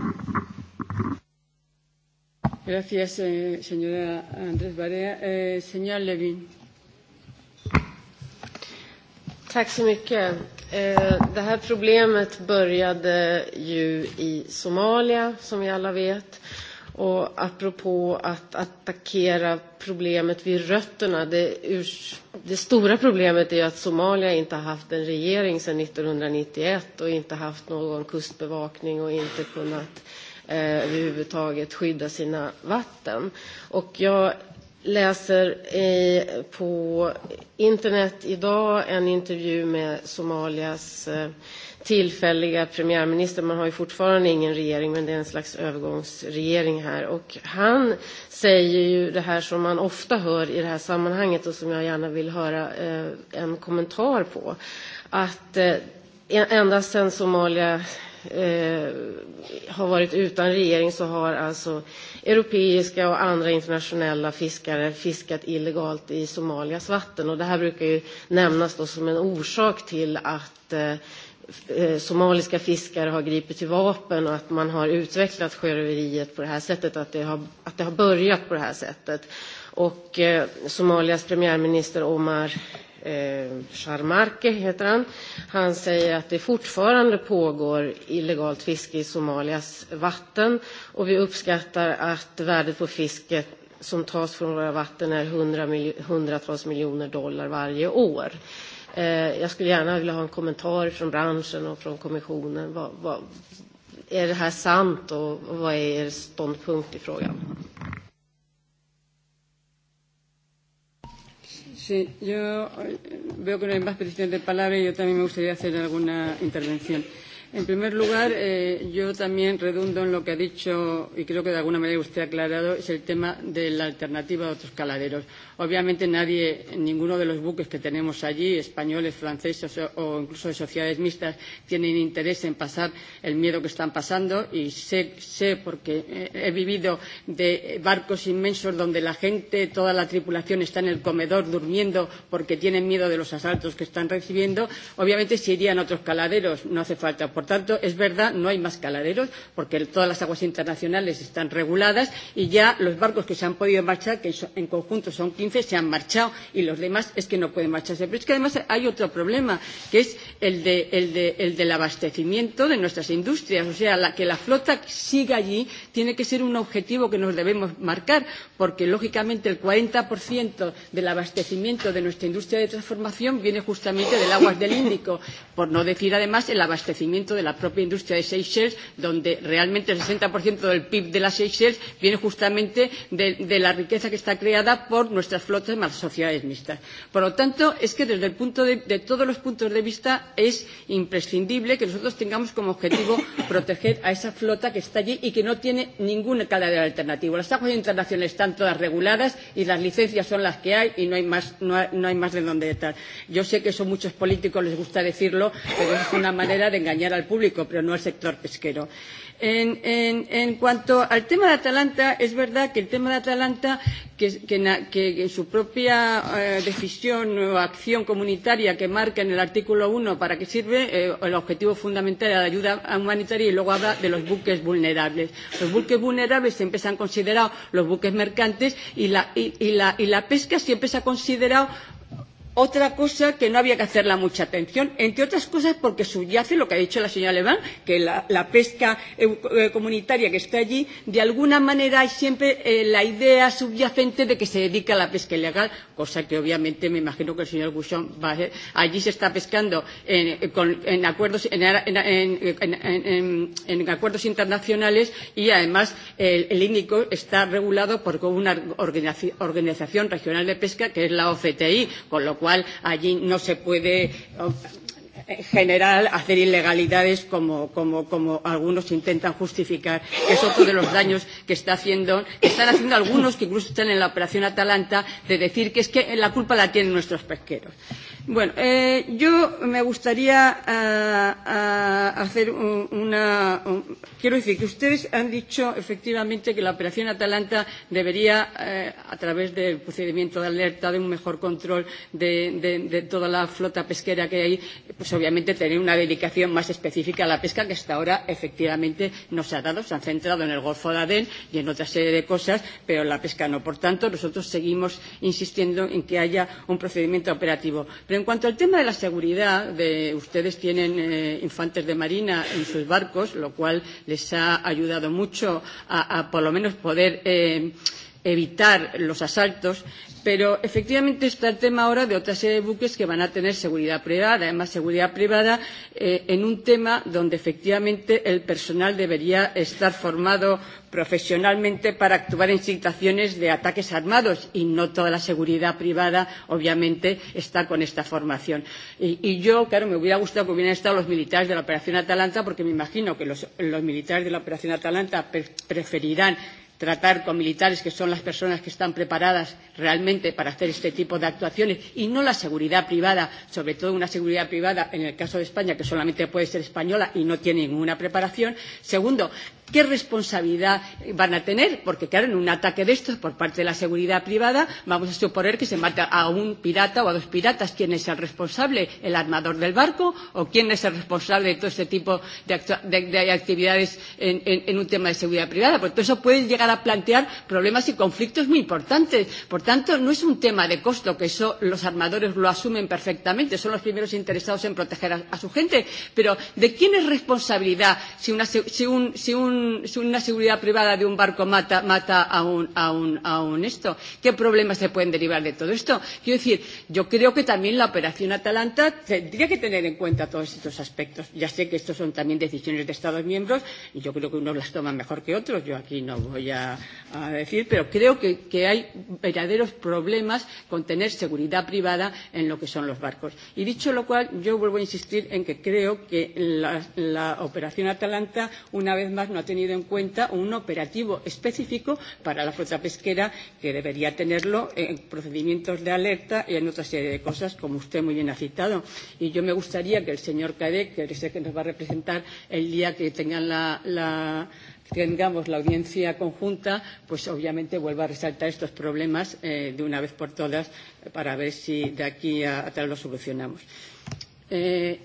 Gracias, eh, señora Andrés Barea. Eh, señor Levin. Tack så mycket. Det här problemet började ju i Somalia, som vi alla vet. Och apropå att attackera problemet vid rötterna. Det, det stora problemet är att Somalia inte har haft en regering sedan 1991 och inte haft någon kustbevakning och inte kunnat eh, överhuvudtaget skydda sina vatten. Och jag läser i, på internet idag en intervju med Somalias tillfälliga premiärminister. Man har ju fortfarande ingen regering, men det är en slags övergångsregering här. Och han säger ju det här som man ofta hör i det här sammanhanget och som jag gärna vill höra en kommentar på. Att ända sedan Somalia har varit utan regering så har alltså europeiska och andra internationella fiskare fiskat illegalt i Somalias vatten. Och det här brukar ju nämnas då som en orsak till att somaliska fiskare har gripit till vapen och att man har utvecklat sjöröveriet på det här sättet, att det har, att det har börjat på det här sättet. Och Somalias premiärminister Omar Sharmarke heter han. Han säger att det fortfarande pågår illegalt fiske i Somalias vatten och vi uppskattar att värdet på fisket som tas från våra vatten är hundratals miljoner dollar varje år. Jag skulle gärna vilja ha en kommentar från branschen och från kommissionen. Vad, vad, är det här sant och vad är er ståndpunkt i frågan? Sí, yo veo que no hay más peticiones de palabra y yo también me gustaría hacer alguna intervención. En primer lugar, eh, yo también redundo en lo que ha dicho, y creo que de alguna manera usted ha aclarado, es el tema de la alternativa a otros caladeros. Obviamente nadie, ninguno de los buques que tenemos allí, españoles, franceses o incluso de sociedades mixtas, tienen interés en pasar el miedo que están pasando y sé, sé porque he vivido de barcos inmensos donde la gente, toda la tripulación está en el comedor durmiendo porque tienen miedo de los asaltos que están recibiendo. Obviamente se irían a otros caladeros, no hace falta. Por tanto, es verdad, no hay más caladeros porque todas las aguas internacionales están reguladas y ya los barcos que se han podido marchar, que en conjunto son 15 quince se han marchado y los demás es que no pueden marcharse. Pero es que además hay otro problema, que es el, de, el, de, el del abastecimiento de nuestras industrias. O sea, la, que la flota siga allí tiene que ser un objetivo que nos debemos marcar, porque lógicamente el 40% del abastecimiento de nuestra industria de transformación viene justamente del aguas del Índico, por no decir además el abastecimiento de la propia industria de Seychelles, donde realmente el 60% del PIB de las Seychelles viene justamente de, de la riqueza que está creada por nuestra nuestras flotas más las sociedades mixtas. Por lo tanto, es que desde el punto de, de todos los puntos de vista es imprescindible que nosotros tengamos como objetivo proteger a esa flota que está allí y que no tiene ninguna de alternativa. Las aguas internacionales están todas reguladas y las licencias son las que hay y no hay más, no hay, no hay más de dónde estar. Yo sé que son a muchos políticos les gusta decirlo, pero es una manera de engañar al público, pero no al sector pesquero. En, en, en cuanto al tema de Atalanta, es verdad que el tema de Atalanta, que, que, que en su propia eh, decisión o acción comunitaria que marca en el artículo 1 para qué sirve, eh, el objetivo fundamental era la ayuda humanitaria y luego habla de los buques vulnerables. Los buques vulnerables siempre se han considerado los buques mercantes y la, y, y la, y la pesca siempre se ha considerado otra cosa que no había que hacerla mucha atención, entre otras cosas porque subyace lo que ha dicho la señora Leván, que la, la pesca eh, comunitaria que está allí, de alguna manera hay siempre eh, la idea subyacente de que se dedica a la pesca ilegal, cosa que obviamente me imagino que el señor Bouchon va a hacer. Allí se está pescando en, con, en, acuerdos, en, en, en, en, en, en acuerdos internacionales y además el, el Índico está regulado por una organización regional de pesca que es la OCTI, con lo cual cual allí no se puede en general hacer ilegalidades como, como, como algunos intentan justificar, que es otro de los daños que está haciendo, que están haciendo algunos que incluso están en la operación Atalanta, de decir que es que la culpa la tienen nuestros pesqueros. Bueno, eh, yo me gustaría uh, uh, hacer un, una. Un, quiero decir que ustedes han dicho efectivamente que la operación Atalanta debería, eh, a través del procedimiento de alerta, de un mejor control de, de, de toda la flota pesquera que hay, pues obviamente tener una dedicación más específica a la pesca que hasta ahora efectivamente no se ha dado. Se han centrado en el Golfo de Adén y en otra serie de cosas, pero la pesca no. Por tanto, nosotros seguimos insistiendo en que haya un procedimiento operativo. Pero en cuanto al tema de la seguridad, de, ustedes tienen eh, infantes de marina en sus barcos, lo cual les ha ayudado mucho a, a por lo menos poder. Eh, evitar los asaltos, pero efectivamente está el tema ahora de otra serie de buques que van a tener seguridad privada, además seguridad privada eh, en un tema donde efectivamente el personal debería estar formado profesionalmente para actuar en situaciones de ataques armados y no toda la seguridad privada obviamente está con esta formación. Y, y yo, claro, me hubiera gustado que hubieran estado los militares de la operación Atalanta porque me imagino que los, los militares de la operación Atalanta pre preferirán tratar con militares que son las personas que están preparadas realmente para hacer este tipo de actuaciones y no la seguridad privada, sobre todo una seguridad privada en el caso de España que solamente puede ser española y no tiene ninguna preparación. Segundo, ¿Qué responsabilidad van a tener? Porque, claro, en un ataque de estos por parte de la seguridad privada, vamos a suponer que se mata a un pirata o a dos piratas. ¿Quién es el responsable? ¿El armador del barco? ¿O quién es el responsable de todo este tipo de, de, de actividades en, en, en un tema de seguridad privada? Porque eso puede llegar a plantear problemas y conflictos muy importantes. Por tanto, no es un tema de costo, que eso los armadores lo asumen perfectamente. Son los primeros interesados en proteger a, a su gente. Pero, ¿de quién es responsabilidad si, una, si, un, si un un, una seguridad privada de un barco mata, mata a, un, a, un, a un esto? ¿Qué problemas se pueden derivar de todo esto? Quiero decir, yo creo que también la operación Atalanta tendría que tener en cuenta todos estos aspectos. Ya sé que estos son también decisiones de Estados miembros y yo creo que unos las toman mejor que otros. Yo aquí no voy a, a decir, pero creo que, que hay verdaderos problemas con tener seguridad privada en lo que son los barcos. Y dicho lo cual, yo vuelvo a insistir en que creo que la, la operación Atalanta, una vez más, no ha tenido en cuenta un operativo específico para la flota pesquera que debería tenerlo en procedimientos de alerta y en otra serie de cosas, como usted muy bien ha citado. Y yo me gustaría que el señor Cadec, que es el que nos va a representar el día que la, la, tengamos la audiencia conjunta, pues obviamente vuelva a resaltar estos problemas eh, de una vez por todas para ver si de aquí a, tal los solucionamos. Eh,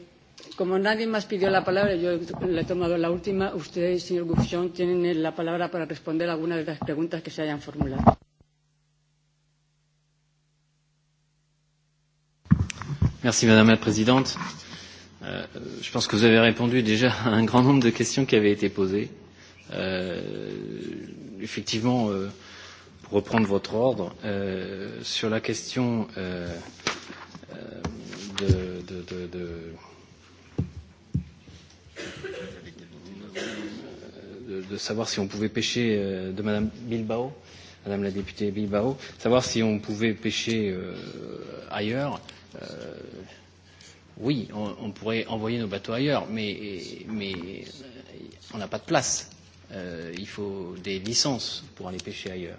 como nadie más pidió la palabra, yo le he tomado la última. Usted, señor Guffion, tiene la palabra para responder algunas de las preguntas que se hayan formulado. Merci, Madame la Présidente. Euh, je pense que vous avez répondu déjà à un grand nombre de questions qui avaient été posées. Euh, effectivement, euh, pour reprendre votre ordre, euh, sur la question euh, de, de, de, de de, de savoir si on pouvait pêcher euh, de Madame Bilbao, Madame la députée Bilbao, savoir si on pouvait pêcher euh, ailleurs. Euh, oui, on, on pourrait envoyer nos bateaux ailleurs, mais, mais on n'a pas de place. Euh, il faut des licences pour aller pêcher ailleurs.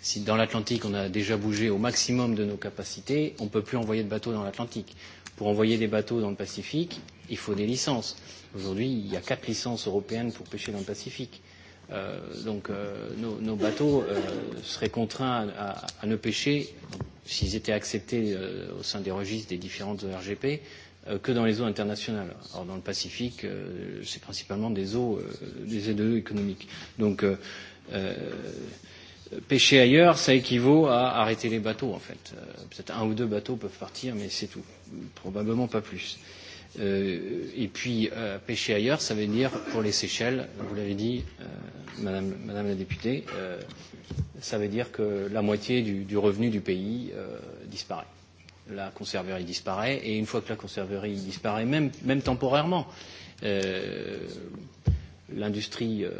Si dans l'Atlantique, on a déjà bougé au maximum de nos capacités, on ne peut plus envoyer de bateaux dans l'Atlantique. Pour envoyer des bateaux dans le Pacifique, il faut des licences. Aujourd'hui, il y a quatre licences européennes pour pêcher dans le Pacifique. Euh, donc euh, nos, nos bateaux euh, seraient contraints à, à, à ne pêcher, s'ils étaient acceptés euh, au sein des registres des différentes RGP, euh, que dans les eaux internationales. Or, dans le Pacifique, euh, c'est principalement des eaux, euh, des aides économiques. Donc, euh, euh, pêcher ailleurs, ça équivaut à arrêter les bateaux, en fait. Peut-être un ou deux bateaux peuvent partir, mais c'est tout. Probablement pas plus. Euh, et puis, euh, pêcher ailleurs, ça veut dire, pour les Seychelles, vous l'avez dit, euh, madame, madame la députée, euh, ça veut dire que la moitié du, du revenu du pays euh, disparaît. La conserverie disparaît, et une fois que la conserverie disparaît, même, même temporairement, euh, l'industrie euh,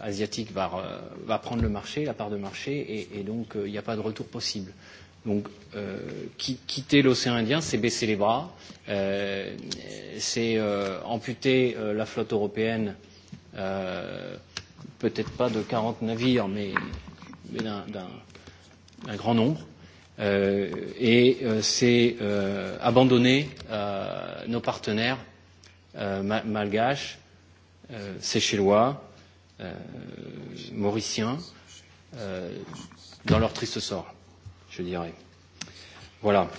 asiatique va, va prendre le marché, la part de marché, et, et donc il euh, n'y a pas de retour possible. Donc euh, quitter l'océan Indien, c'est baisser les bras, euh, c'est euh, amputer euh, la flotte européenne, euh, peut-être pas de 40 navires, mais, mais d'un grand nombre. Euh, et euh, c'est euh, abandonner euh, nos partenaires euh, malgaches euh, Seychellois, euh, Mauriciens, euh, dans leur triste sort, je dirais. Voilà.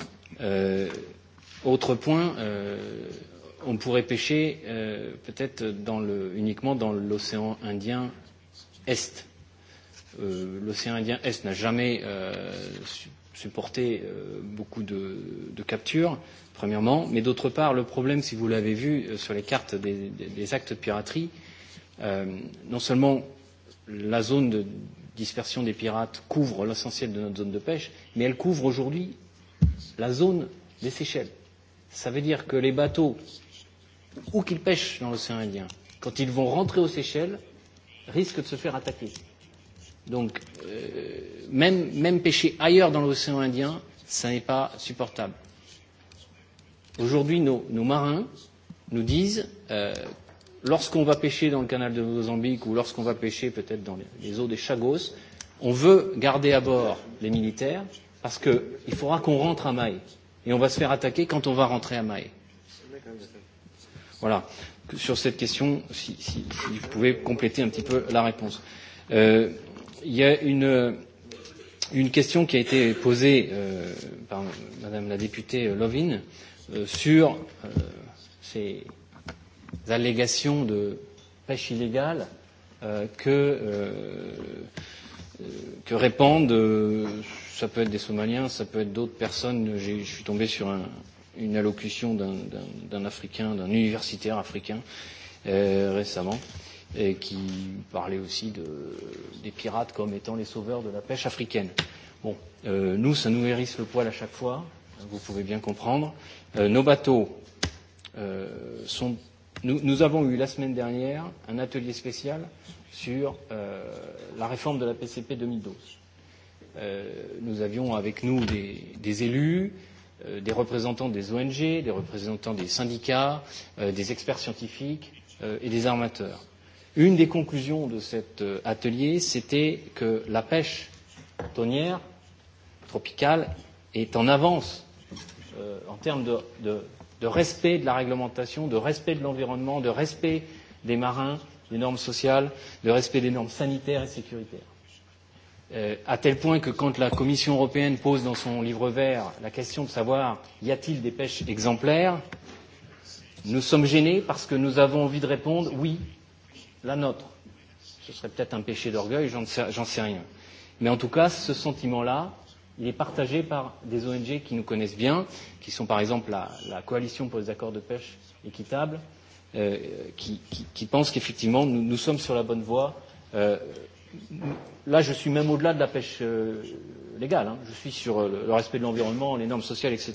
Euh, autre point, euh, on pourrait pêcher euh, peut-être dans le, uniquement dans l'océan Indien Est. Euh, l'océan Indien Est n'a jamais euh, supporter beaucoup de, de captures, premièrement, mais d'autre part, le problème, si vous l'avez vu sur les cartes des, des actes de piraterie, euh, non seulement la zone de dispersion des pirates couvre l'essentiel de notre zone de pêche, mais elle couvre aujourd'hui la zone des Seychelles. Ça veut dire que les bateaux, où qu'ils pêchent dans l'océan Indien, quand ils vont rentrer aux Seychelles, risquent de se faire attaquer. Donc, euh, même, même pêcher ailleurs dans l'océan Indien, ça n'est pas supportable. Aujourd'hui, nos, nos marins nous disent, euh, lorsqu'on va pêcher dans le canal de Mozambique ou lorsqu'on va pêcher peut-être dans les, les eaux des Chagos, on veut garder à bord les militaires parce qu'il faudra qu'on rentre à Maï. Et on va se faire attaquer quand on va rentrer à Maï. Voilà. Sur cette question, si, si, si vous pouvez compléter un petit peu la réponse. Euh, il y a une, une question qui a été posée euh, par Madame la députée Lovin euh, sur euh, ces allégations de pêche illégale euh, que, euh, que répandent, euh, ça peut être des Somaliens, ça peut être d'autres personnes. Je suis tombé sur un, une allocution d'un Africain, d'un universitaire africain euh, récemment. Euh, et qui parlait aussi de, des pirates comme étant les sauveurs de la pêche africaine. Bon, euh, nous, ça nous hérisse le poil à chaque fois, vous pouvez bien comprendre. Euh, nos bateaux euh, sont. Nous, nous avons eu la semaine dernière un atelier spécial sur euh, la réforme de la PCP 2012. Euh, nous avions avec nous des, des élus, euh, des représentants des ONG, des représentants des syndicats, euh, des experts scientifiques euh, et des armateurs Une des conclusions de cet atelier, c'était que la pêche tonnière tropicale est en avance euh, en termes de, de, de respect de la réglementation, de respect de l'environnement, de respect des marins, des normes sociales, de respect des normes sanitaires et sécuritaires. Euh, à tel point que quand la Commission européenne pose dans son livre vert la question de savoir y a-t-il des pêches exemplaires, nous sommes gênés parce que nous avons envie de répondre oui, la nôtre. Ce serait peut-être un péché d'orgueil, j'en sais, sais rien. Mais en tout cas, ce sentiment-là, il est partagé par des ONG qui nous connaissent bien, qui sont par exemple la, la coalition pour les accords de pêche équitables, euh, qui, qui, qui pensent qu'effectivement nous, nous sommes sur la bonne voie. Euh, là, je suis même au-delà de la pêche euh, légale. Hein. Je suis sur euh, le respect de l'environnement, les normes sociales, etc.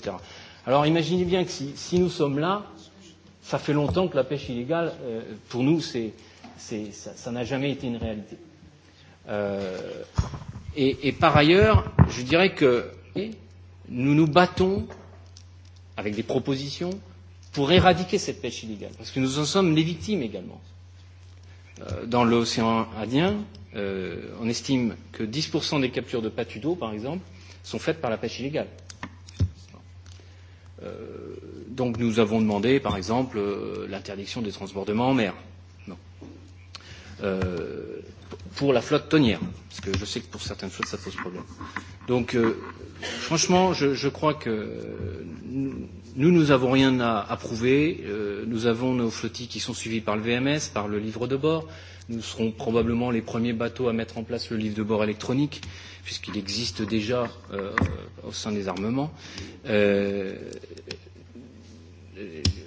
Alors imaginez bien que si, si nous sommes là, ça fait longtemps que la pêche illégale, euh, pour nous, c'est Ça n'a jamais été une réalité. Euh, et, et par ailleurs, je dirais que nous nous battons avec des propositions pour éradiquer cette pêche illégale, parce que nous en sommes les victimes également. Dans l'océan Indien, euh, on estime que 10% des captures de pâtes d'eau, par exemple, sont faites par la pêche illégale. Euh, donc nous avons demandé, par exemple, euh, l'interdiction des transbordements en mer pour la flotte tonnière, parce que je sais que pour certaines flottes, ça pose problème. Donc, euh, franchement, je, je crois que nous, nous n'avons rien à, à prouver. Euh, nous avons nos flottilles qui sont suivies par le VMS, par le livre de bord. Nous serons probablement les premiers bateaux à mettre en place le livre de bord électronique, puisqu'il existe déjà euh, au sein des armements. Euh,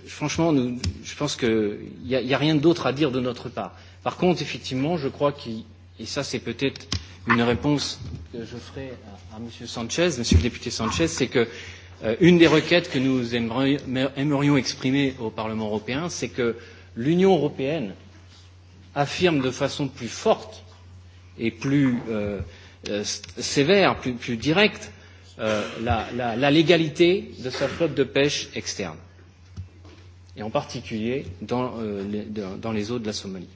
franchement, nous, je pense qu'il n'y a, a rien d'autre à dire de notre part. Par contre, effectivement, je crois qu'il et ça c'est peut-être une réponse que je ferai à, à Monsieur Sanchez, Monsieur le député Sanchez, c'est que euh, une des requêtes que nous aimerions exprimer au Parlement européen, c'est que l'Union européenne affirme de façon plus forte et plus euh, euh, sévère, plus, plus directe, euh, la, la, la légalité de sa flotte de pêche externe, et en particulier dans, euh, les, dans les eaux de la Somalie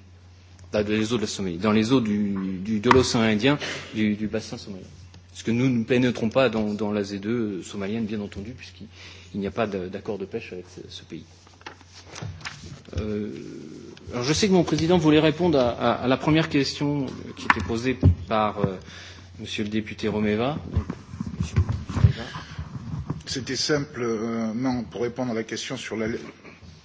dans les eaux de la Somalie, dans les eaux du, du, de l'océan Indien, du, du bassin somalien. Parce que nous ne pénétrons pas dans, dans la Z2 somalienne, bien entendu, puisqu'il n'y a pas d'accord de pêche avec ce, ce pays. Euh, alors je sais que mon président voulait répondre à, à, à la première question qui était posée par euh, Monsieur le député Romeva. C'était simple, euh, non, pour répondre à la question sur la,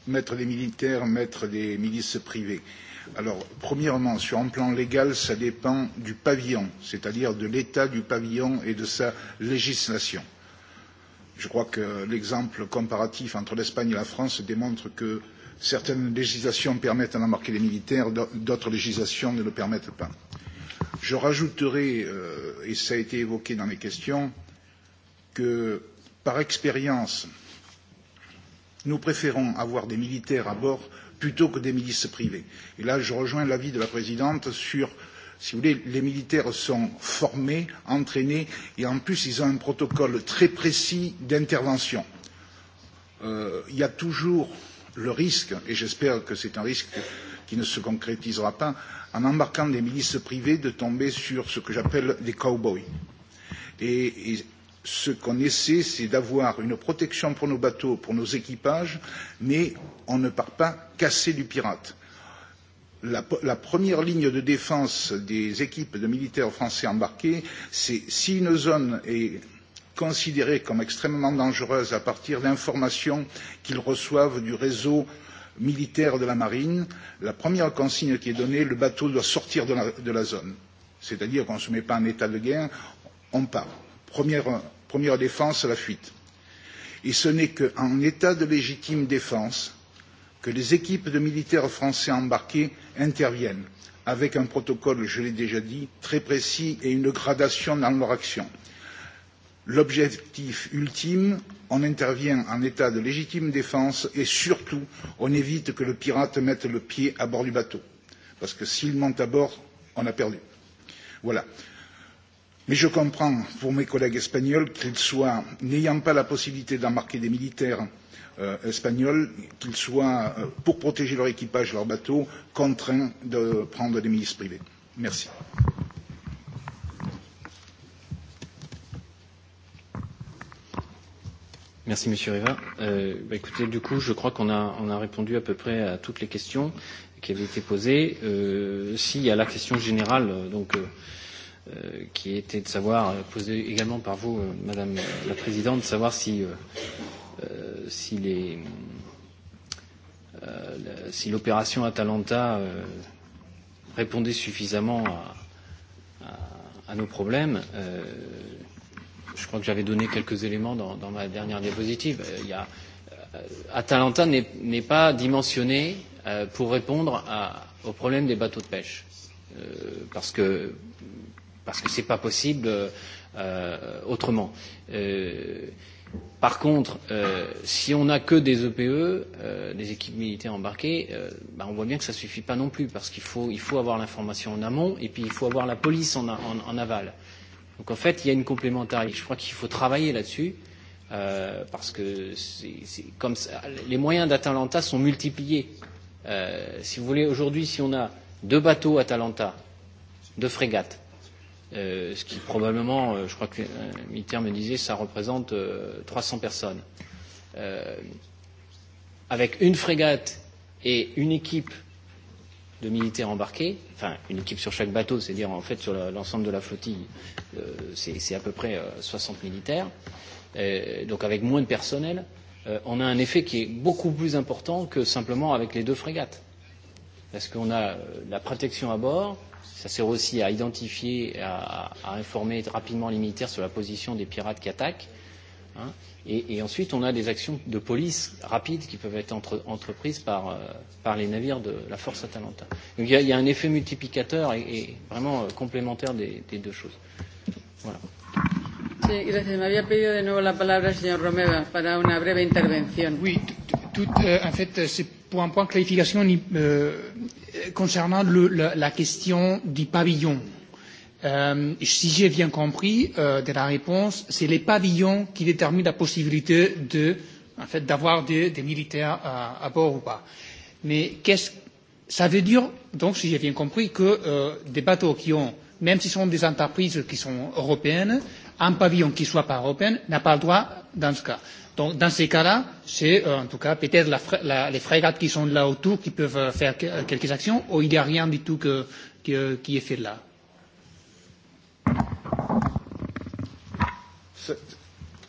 mettre des militaires, mettre des milices privées. Euh, Alors, premièrement, sur un plan légal, ça dépend du pavillon, c'est-à-dire de l'état du pavillon et de sa législation. Je crois que l'exemple comparatif entre l'Espagne et la France démontre que certaines législations permettent d'embarquer les militaires, d'autres législations ne le permettent pas. Je rajouterai, et cela a été évoqué dans les questions, que par expérience, nous préférons avoir des militaires à bord plutôt que des milices privées. Et là, je rejoins l'avis de la présidente sur, si vous voulez, les militaires sont formés, entraînés, et en plus, ils ont un protocole très précis d'intervention. Euh, il y a toujours le risque, et j'espère que c'est un risque qui ne se concrétisera pas, en embarquant des milices privées, de tomber sur ce que j'appelle des cowboys. Et, et, ce qu'on essaie, c'est d'avoir une protection pour nos bateaux, pour nos équipages, mais on ne part pas casser du pirate. La, première ligne de défense des équipes de militaires français embarqués, c'est si une zone est considérée comme extrêmement dangereuse à partir d'informations qu'ils reçoivent du réseau militaire de la marine, la première consigne qui est donnée, le bateau doit sortir de la, zone. C'est-à-dire qu'on ne se met pas en état de guerre, on part. Première première défense, la fuite. Et ce n'est qu'en état de légitime défense que les équipes de militaires français embarqués interviennent, avec un protocole, je l'ai déjà dit, très précis et une gradation dans leur action. L'objectif ultime, on intervient en état de légitime défense et surtout, on évite que le pirate mette le pied à bord du bateau. Parce que s'il monte à bord, on a perdu. Voilà. Mais je comprends pour mes collègues espagnols qu'ils soient, n'ayant pas la possibilité d'embarquer des militaires espagnols, qu'ils soient, pour protéger leur équipage, leur bateau, contraints de prendre des milices privées. Merci. Merci Monsieur Riva. Euh, bah, écoutez, du coup, je crois qu'on a, on a répondu à peu près à toutes les questions qui avaient été posées. Euh, S'il y a la question générale, donc. Euh, qui était de savoir, posée également par vous, Madame la Présidente, de savoir si, si les si l'opération Atalanta euh, répondait suffisamment à, à, à nos problèmes. Euh, je crois que j'avais donné quelques éléments dans, dans ma dernière diapositive. Euh, y a, euh, Atalanta n'est pas dimensionné euh, pour répondre à, au problème des bateaux de pêche. Euh, parce que parce que ce n'est pas possible euh, autrement. Euh, par contre, euh, si on n'a que des EPE, euh, des équipes militaires embarquées, euh, bah on voit bien que ça ne suffit pas non plus, parce qu'il faut, il faut avoir l'information en amont, et puis il faut avoir la police en, en, en aval. Donc en fait, il y a une complémentarité. Je crois qu'il faut travailler là-dessus, euh, parce que est comme ça, les moyens d'Atalanta sont multipliés. Euh, si vous voulez, aujourd'hui, si on a deux bateaux Atalanta, deux frégates, ce qui probablement, je crois que Mitter me disait, ça représente euh, 300 personnes. Euh, avec une frégate et une équipe de militaires embarqués, enfin une équipe sur chaque bateau, c'est-à-dire en fait sur l'ensemble de la flottille, euh, c'est à peu près euh, 60 militaires, euh, donc avec moins de personnel, euh, on a un effet qui est beaucoup plus important que simplement avec les deux frégates. Parce qu'on a la protection à bord, Ça sert aussi à identifier, à, à informer rapidement les militaires sur la position des pirates qui attaquent. Hein, et, et ensuite, on a des actions de police rapides qui peuvent être entre, entreprises par, euh, par les navires de la force Atalanta. Donc il y, y a un effet multiplicateur et, et vraiment euh, complémentaire des, des deux choses. Voilà. Sí, gracias. Me había pedido de nuevo la palabra el señor Romeva para una breve intervención. Oui, tout, tout, euh, en fait, c'est pour un point de clarification. Euh, concernant le, la, la question du pavillon, euh, si j'ai bien compris euh, de la réponse, c'est les pavillons qui déterminent la possibilité de, en fait, d'avoir des, des militaires à, à bord ou pas. Mais qu'est-ce ça veut dire, donc, si j'ai bien compris, que euh, des bateaux qui ont, même si ce sont des entreprises qui sont européennes, un pavillon qui ne soit pas européen n'a pas le droit dans ce cas. Donc, dans ces cas-là, c'est euh, en tout cas peut-être la, la, les frégates qui sont là autour qui peuvent faire quelques actions, ou il n'y a rien du tout que, que, qui est fait là.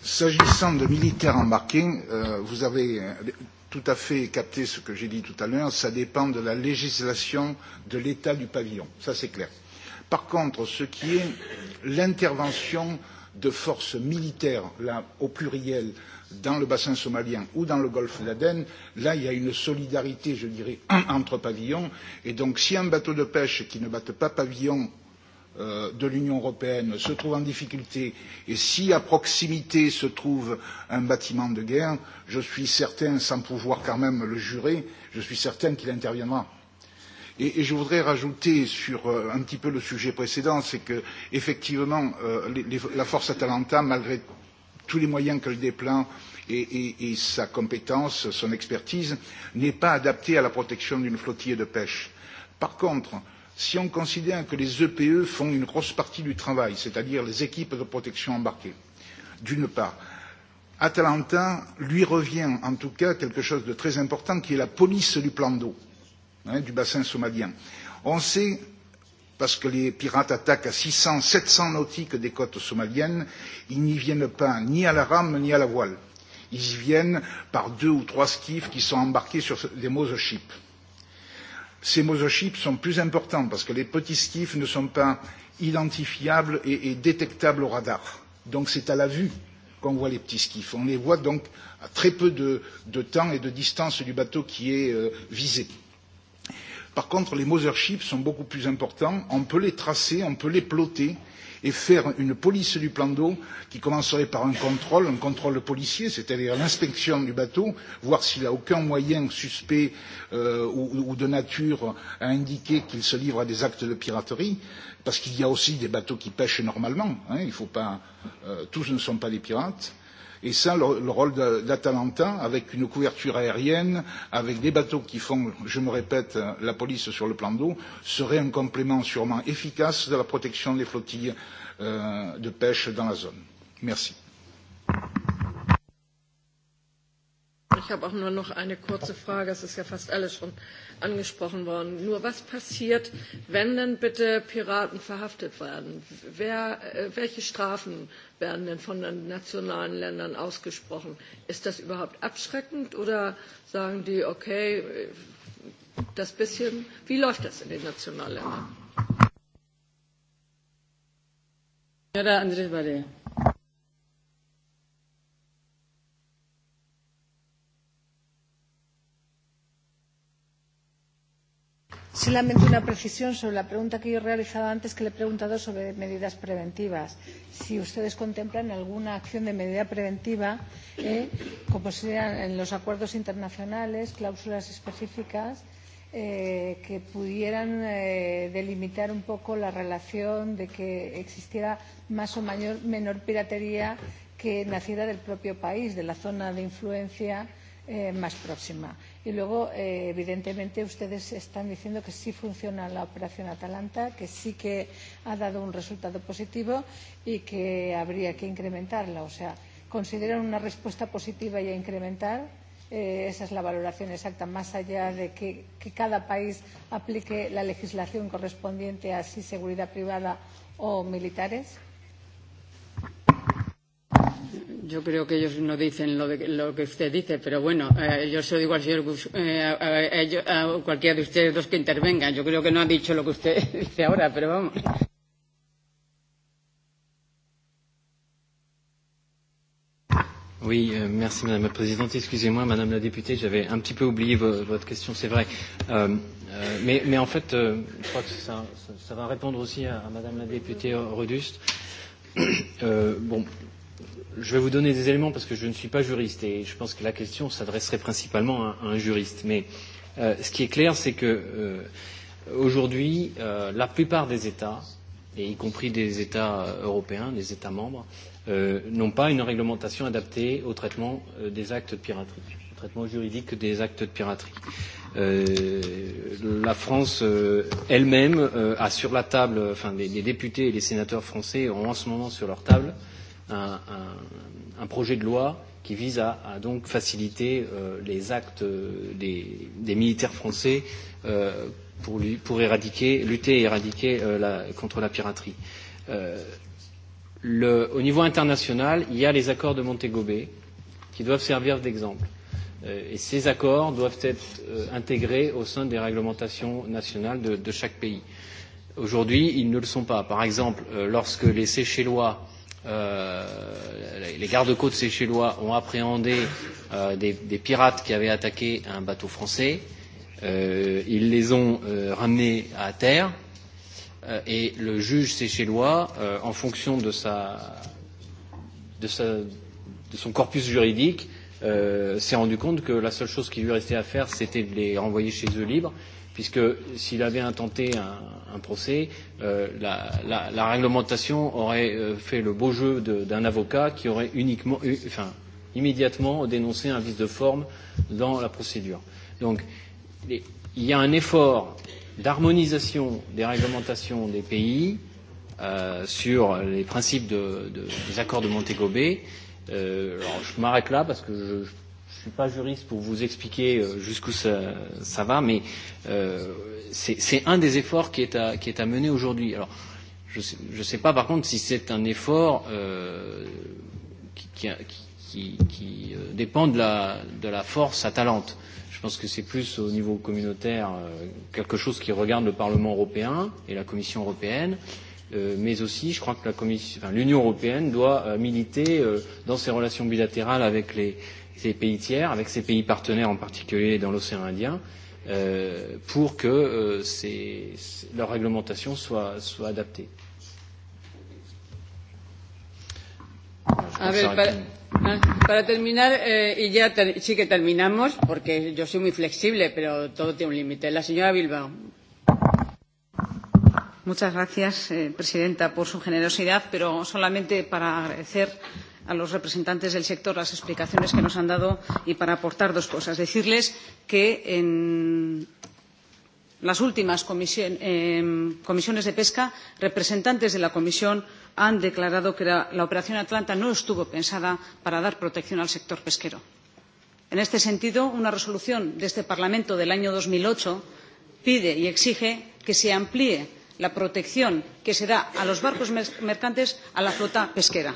S'agissant de militaires embarqués, euh, vous avez tout à fait capté ce que j'ai dit tout à l'heure. Ça dépend de la législation de l'état du pavillon. Ça, c'est clair. Par contre, ce qui est l'intervention de forces militaires, là, au pluriel, euh, dans le bassin somalien ou dans le golfe d'Aden, là, il y a une solidarité, je dirais, entre pavillons. Et donc, si un bateau de pêche qui ne batte pas pavillon de l'Union européenne se trouve en difficulté et si à proximité se trouve un bâtiment de guerre, je suis certain, sans pouvoir quand même le jurer, je suis certain qu'il interviendra. Et, je voudrais rajouter sur un petit peu le sujet précédent, c'est que effectivement la force Atalanta, malgré tous les moyens que je déploie et, et, et sa compétence, son expertise, n'est pas adaptée à la protection d'une flottille de pêche. Par contre, si on considère que les EPE font une grosse partie du travail, c'est-à-dire les équipes de protection embarquées, d'une part, Atalanta lui revient en tout cas quelque chose de très important qui est la police du plan d'eau, hein, du bassin somalien. On sait parce que les pirates attaquent à six cents, sept cents nautiques des côtes somaliennes, ils n'y viennent pas ni à la rame ni à la voile. Ils y viennent par deux ou trois skiffs qui sont embarqués sur des motoships. Ces motoships sont plus importants parce que les petits skiffs ne sont pas identifiables et, et détectables au radar. Donc c'est à la vue qu'on voit les petits skiffs. On les voit donc à très peu de, de temps et de distance du bateau qui est euh, visé. Par contre, les mothership sont beaucoup plus importants. On peut les tracer, on peut les plotter et faire une police du plan d'eau qui commencerait par un contrôle, un contrôle policier, c'est-à-dire l'inspection du bateau, voir s'il n'a aucun moyen suspect euh, ou, ou de nature à indiquer qu'il se livre à des actes de piraterie, parce qu'il y a aussi des bateaux qui pêchent normalement. Hein, il faut pas, euh, tous ne sont pas des pirates. Et ça, le, le rôle d'Atalanta, avec une couverture aérienne, avec des bateaux qui font, je me répète, la police sur le plan d'eau, serait un complément sûrement efficace de la protection des flottilles euh, de pêche dans la zone. Merci. Ich habe auch nur noch eine kurze Frage. Es ist ja fast alles schon angesprochen worden. Nur was passiert, wenn denn bitte Piraten verhaftet werden? welche Strafen werden denn von den nationalen Ländern ausgesprochen? Ist das überhaupt abschreckend oder sagen die, okay, das bisschen, wie läuft das in den nationalen Ländern? Solamente una precisión sobre la pregunta que yo he realizado antes, que le he preguntado sobre medidas preventivas. Si ustedes contemplan alguna acción de medida preventiva, eh, como serían en los acuerdos internacionales, cláusulas específicas, eh, que pudieran eh, delimitar un poco la relación de que existiera más o mayor, menor piratería que naciera del propio país, de la zona de influencia eh, más próxima. Y luego, eh, evidentemente, ustedes están diciendo que sí funciona la operación Atalanta, que sí que ha dado un resultado positivo y que habría que incrementarla. O sea, ¿consideran una respuesta positiva y a incrementar? Eh, esa es la valoración exacta, más allá de que, que cada país aplique la legislación correspondiente a si seguridad privada o militares. Yo creo que ellos no dicen lo, de, lo que usted dice, pero bueno, eh, yo se lo digo al señor Bush, eh, a, a, a a cualquiera de ustedes dos que intervengan. Yo creo que no ha dicho lo que usted dice ahora, pero vamos. Oui, euh, merci Madame la Présidente. Excusez-moi Madame la députée, j'avais un petit peu oublié votre question, c'est vrai. Euh, euh, mais, mais en fait, euh, je crois que ça, ça va répondre aussi à, à Madame la députée Rodust. Euh, bon, Je vais vous donner des éléments parce que je ne suis pas juriste et je pense que la question s'adresserait principalement à, un juriste. Mais euh, ce qui est clair, c'est que euh, aujourd'hui, euh, la plupart des États, et y compris des États européens, des États membres, euh, n'ont pas une réglementation adaptée au traitement euh, des actes de piraterie, au traitement juridique des actes de piraterie. Euh, la France euh, elle-même euh, a sur la table, enfin les, les députés et les sénateurs français ont en ce moment sur leur table euh, un, un, projet de loi qui vise à, à donc faciliter euh, les actes des, des militaires français euh, pour, lui, pour éradiquer, lutter et éradiquer euh, la, contre la piraterie. Euh, le, au niveau international, il y a les accords de Montego Bay qui doivent servir d'exemple. Euh, et ces accords doivent être euh, intégrés au sein des réglementations nationales de, de chaque pays. Aujourd'hui, ils ne le sont pas. Par exemple, euh, lorsque les Seychellois les gardes-côtes séchellois ont appréhendé des, pirates qui avaient attaqué un bateau français. ils les ont ramenés à terre et le juge séchellois, en fonction de, sa, de, sa, de son corpus juridique, s'est rendu compte que la seule chose qui lui restait à faire, c'était de les renvoyer chez eux libres puisque s'il avait intenté un, un procès, euh, la, la, la réglementation aurait fait le beau jeu d'un avocat qui aurait uniquement, eu, enfin, immédiatement dénoncé un vice de forme dans la procédure. Donc, il y a un effort d'harmonisation des réglementations des pays euh, sur les principes de, de, des accords de Montego Bay. Euh, alors, je m'arrête là parce que je, je ne suis pas juriste pour vous expliquer jusqu'où ça, ça va, mais euh, c'est un des efforts qui est à, qui est à mener aujourd'hui. Alors, je ne sais, sais pas par contre si c'est un effort euh, qui, qui, qui, qui dépend de la, de la force Atalante. Je pense que c'est plus au niveau communautaire euh, quelque chose qui regarde le Parlement européen et la Commission européenne mais aussi je crois que l'Union européenne doit militer dans ses relations bilatérales avec les, ces pays tiers, avec ces pays partenaires en particulier dans l'océan Indien, euh, pour que euh, ces, leur réglementation soit, soit adaptée. A ver, para, para terminar, eh, y ya ter, sí que terminamos, porque yo soy muy flexible, pero todo tiene un límite. La señora Bilbao. Muchas gracias, eh, Presidenta, por su generosidad, pero solamente para agradecer a los representantes del sector las explicaciones que nos han dado y para aportar dos cosas. Decirles que en las últimas comisiones de pesca, representantes de la Comisión han declarado que la operación Atlanta no estuvo pensada para dar protección al sector pesquero. En este sentido, una resolución de este Parlamento del año dos mil ocho pide y exige que se amplíe la protección que se da a los barcos mercantes a la flota pesquera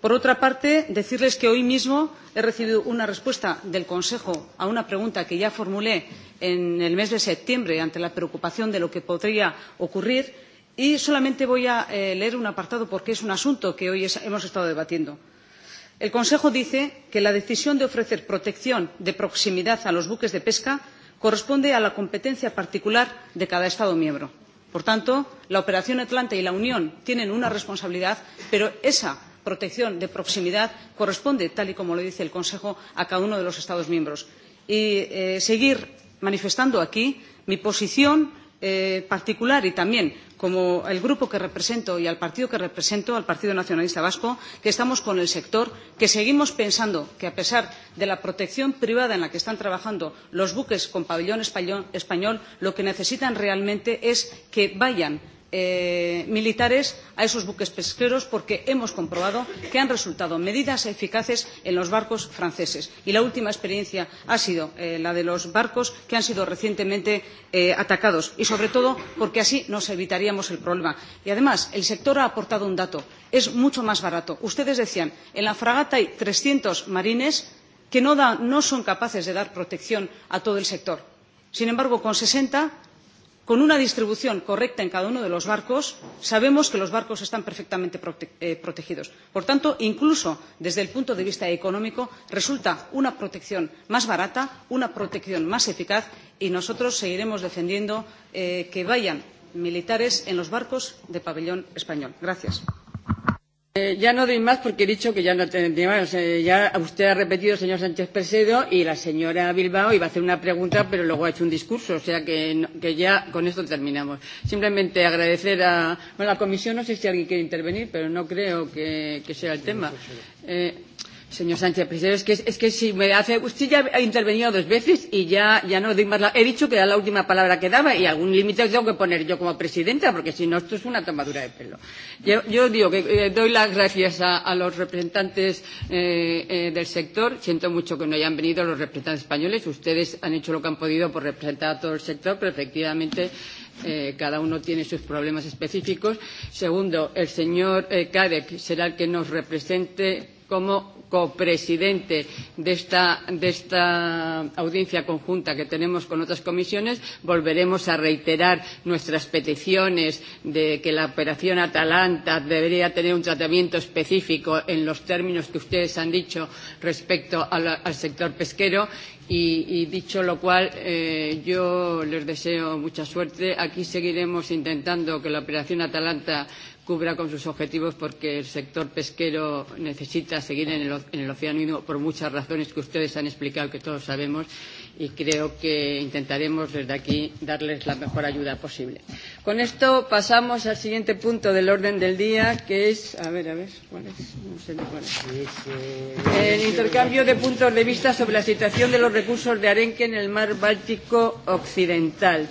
por otra parte decirles que hoy mismo he recibido una respuesta del consejo a una pregunta que ya formulé en el mes de septiembre ante la preocupación de lo que podría ocurrir y solamente voy a leer un apartado porque es un asunto que hoy hemos estado debatiendo. el consejo dice que la decisión de ofrecer protección de proximidad a los buques de pesca corresponde a la competencia particular de cada estado miembro. por tanto la operación atalanta y la unión tienen una responsabilidad pero esa protección de proximidad corresponde tal y como lo dice el consejo a cada uno de los estados miembros y seguir manifestando aquí mi posición particular y también como el grupo que represento y al partido que represento al partido nacionalista vasco que estamos con el sector que seguimos pensando que a pesar de la protección privada en la que están trabajando los buques con pabellón español lo que necesitan realmente es que vayan militares a esos buques pesqueros porque hemos comprobado que han resultado medidas eficaces en los barcos franceses y la última experiencia ha sido la de los barcos que han sido recientemente atacados y sobre todo porque así nos evitaríamos el problema. y además el sector ha aportado un dato es mucho más barato. ustedes decían en la fragata hay trescientos marines que no son capaces de dar protección a todo el sector. sin embargo con sesenta con una distribución correcta en cada uno de los barcos sabemos que los barcos están perfectamente protegidos. por tanto incluso desde el punto de vista económico resulta una protección más barata una protección más eficaz y nosotros seguiremos defendiendo que vayan militares en los barcos del pabellón español. gracias ya no doy más porque he dicho que ya no tenía más. ya usted ha repetido, señor Sánchez Presedo, y la señora Bilbao iba a hacer una pregunta, pero luego ha hecho un discurso. O sea que, que ya con esto terminamos. Simplemente agradecer a bueno, la comisión. No sé si alguien quiere intervenir, pero no creo que, que sea el tema. Eh, Señor Sánchez Prisero, es que, es que si me hace. Usted ya ha intervenido dos veces y ya, ya no doy más la. He dicho que era la última palabra que daba y algún límite tengo que poner yo como presidenta, porque si no, esto es una tomadura de pelo. Yo, yo digo que eh, doy las gracias a, a los representantes eh, eh, del sector. Siento mucho que no hayan venido los representantes españoles. Ustedes han hecho lo que han podido por representar a todo el sector, pero efectivamente eh, cada uno tiene sus problemas específicos. Segundo, el señor eh, Kadek será el que nos represente como copresidente de esta, de esta audiencia conjunta que tenemos con otras comisiones, volveremos a reiterar nuestras peticiones de que la operación Atalanta debería tener un tratamiento específico en los términos que ustedes han dicho respecto al, al sector pesquero Y, y dicho lo cual, eh, yo les deseo mucha suerte. Aquí seguiremos intentando que la operación Atalanta cumpla con sus objetivos porque el sector pesquero necesita seguir en el, en el océano Índico por muchas razones que ustedes han explicado, que todos sabemos, y creo que intentaremos desde aquí darles la mejor ayuda posible. Con esto pasamos al siguiente punto del orden del día, que es, a ver, a ver, ¿cuál es? No sé cuál es. El intercambio de puntos de vista sobre la situación de los recursos de arenque en el mar Báltico Occidental.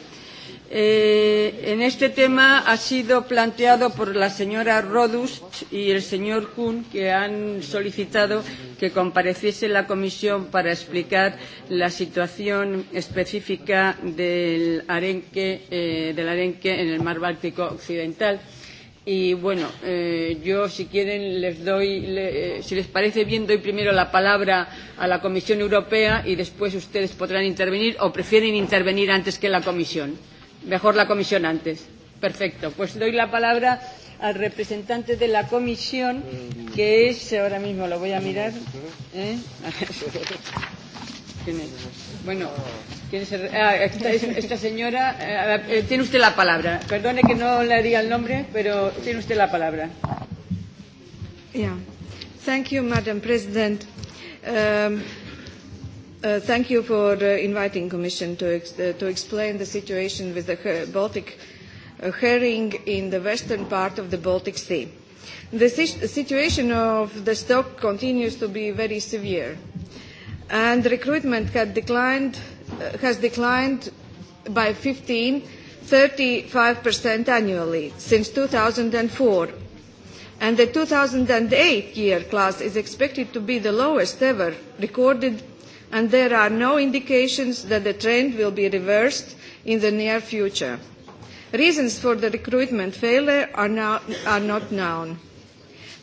Eh, en este tema ha sido planteado por la señora Rodust y el señor Kuhn, que han solicitado que compareciese la comisión para explicar la situación específica del arenque, eh, del arenque en el mar Báltico Occidental. Y bueno, eh, yo si quieren les doy, le, eh, si les parece bien, doy primero la palabra a la Comisión Europea y después ustedes podrán intervenir o prefieren intervenir antes que la Comisión. Mejor la comisión antes. Perfecto. Pues doy la palabra al representante de la comisión, que es, ahora mismo lo voy a mirar. ¿eh? ¿Quién es? Bueno, ¿quién es el, ah, esta, esta señora, eh, tiene usted la palabra. Perdone que no le diga el nombre, pero tiene usted la palabra. Yeah. Thank you, Madam President. Um, thank you for uh, inviting Commission to, ex uh, to explain the situation with the Baltic uh, herring in the western part of the Baltic Sea. The si situation of the stock continues to be very severe, and recruitment had declined, uh, has declined by 15, 35% annually since 2004, and the 2008 year class is expected to be the lowest ever recorded and there are no indications that the trend will be reversed in the near future. Reasons for the recruitment failure are, now, are not known.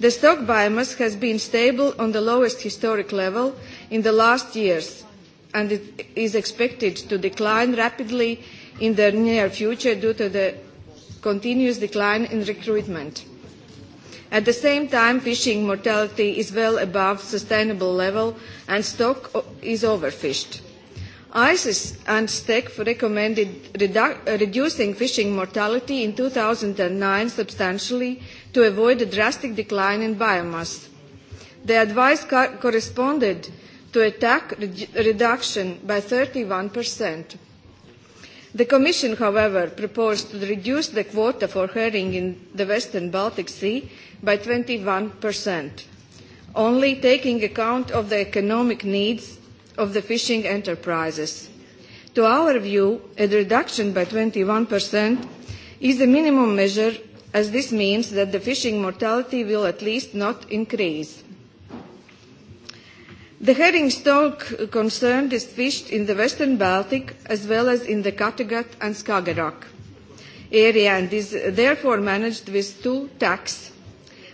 The stock biomass has been stable on the lowest historic level in the last years and it is expected to decline rapidly in the near future due to the continuous decline in recruitment. At the same time, fishing mortality is well above sustainable level and stock is overfished. ICES and STEC recommended redu- reducing fishing mortality in 2009 substantially to avoid a drastic decline in biomass. The advice co- corresponded to a TAC reduction by 31 percent. The Commission, however, proposed to reduce the quota for herring in the Western Baltic Sea by 21%, only taking account of the economic needs of the fishing enterprises. To our view, a reduction by 21% is the minimum measure as this means that the fishing mortality will at least not increase. The herring stock concerned is fished in the Western Baltic as well as in the Kattegat and Skagerrak area and is therefore managed with two tax,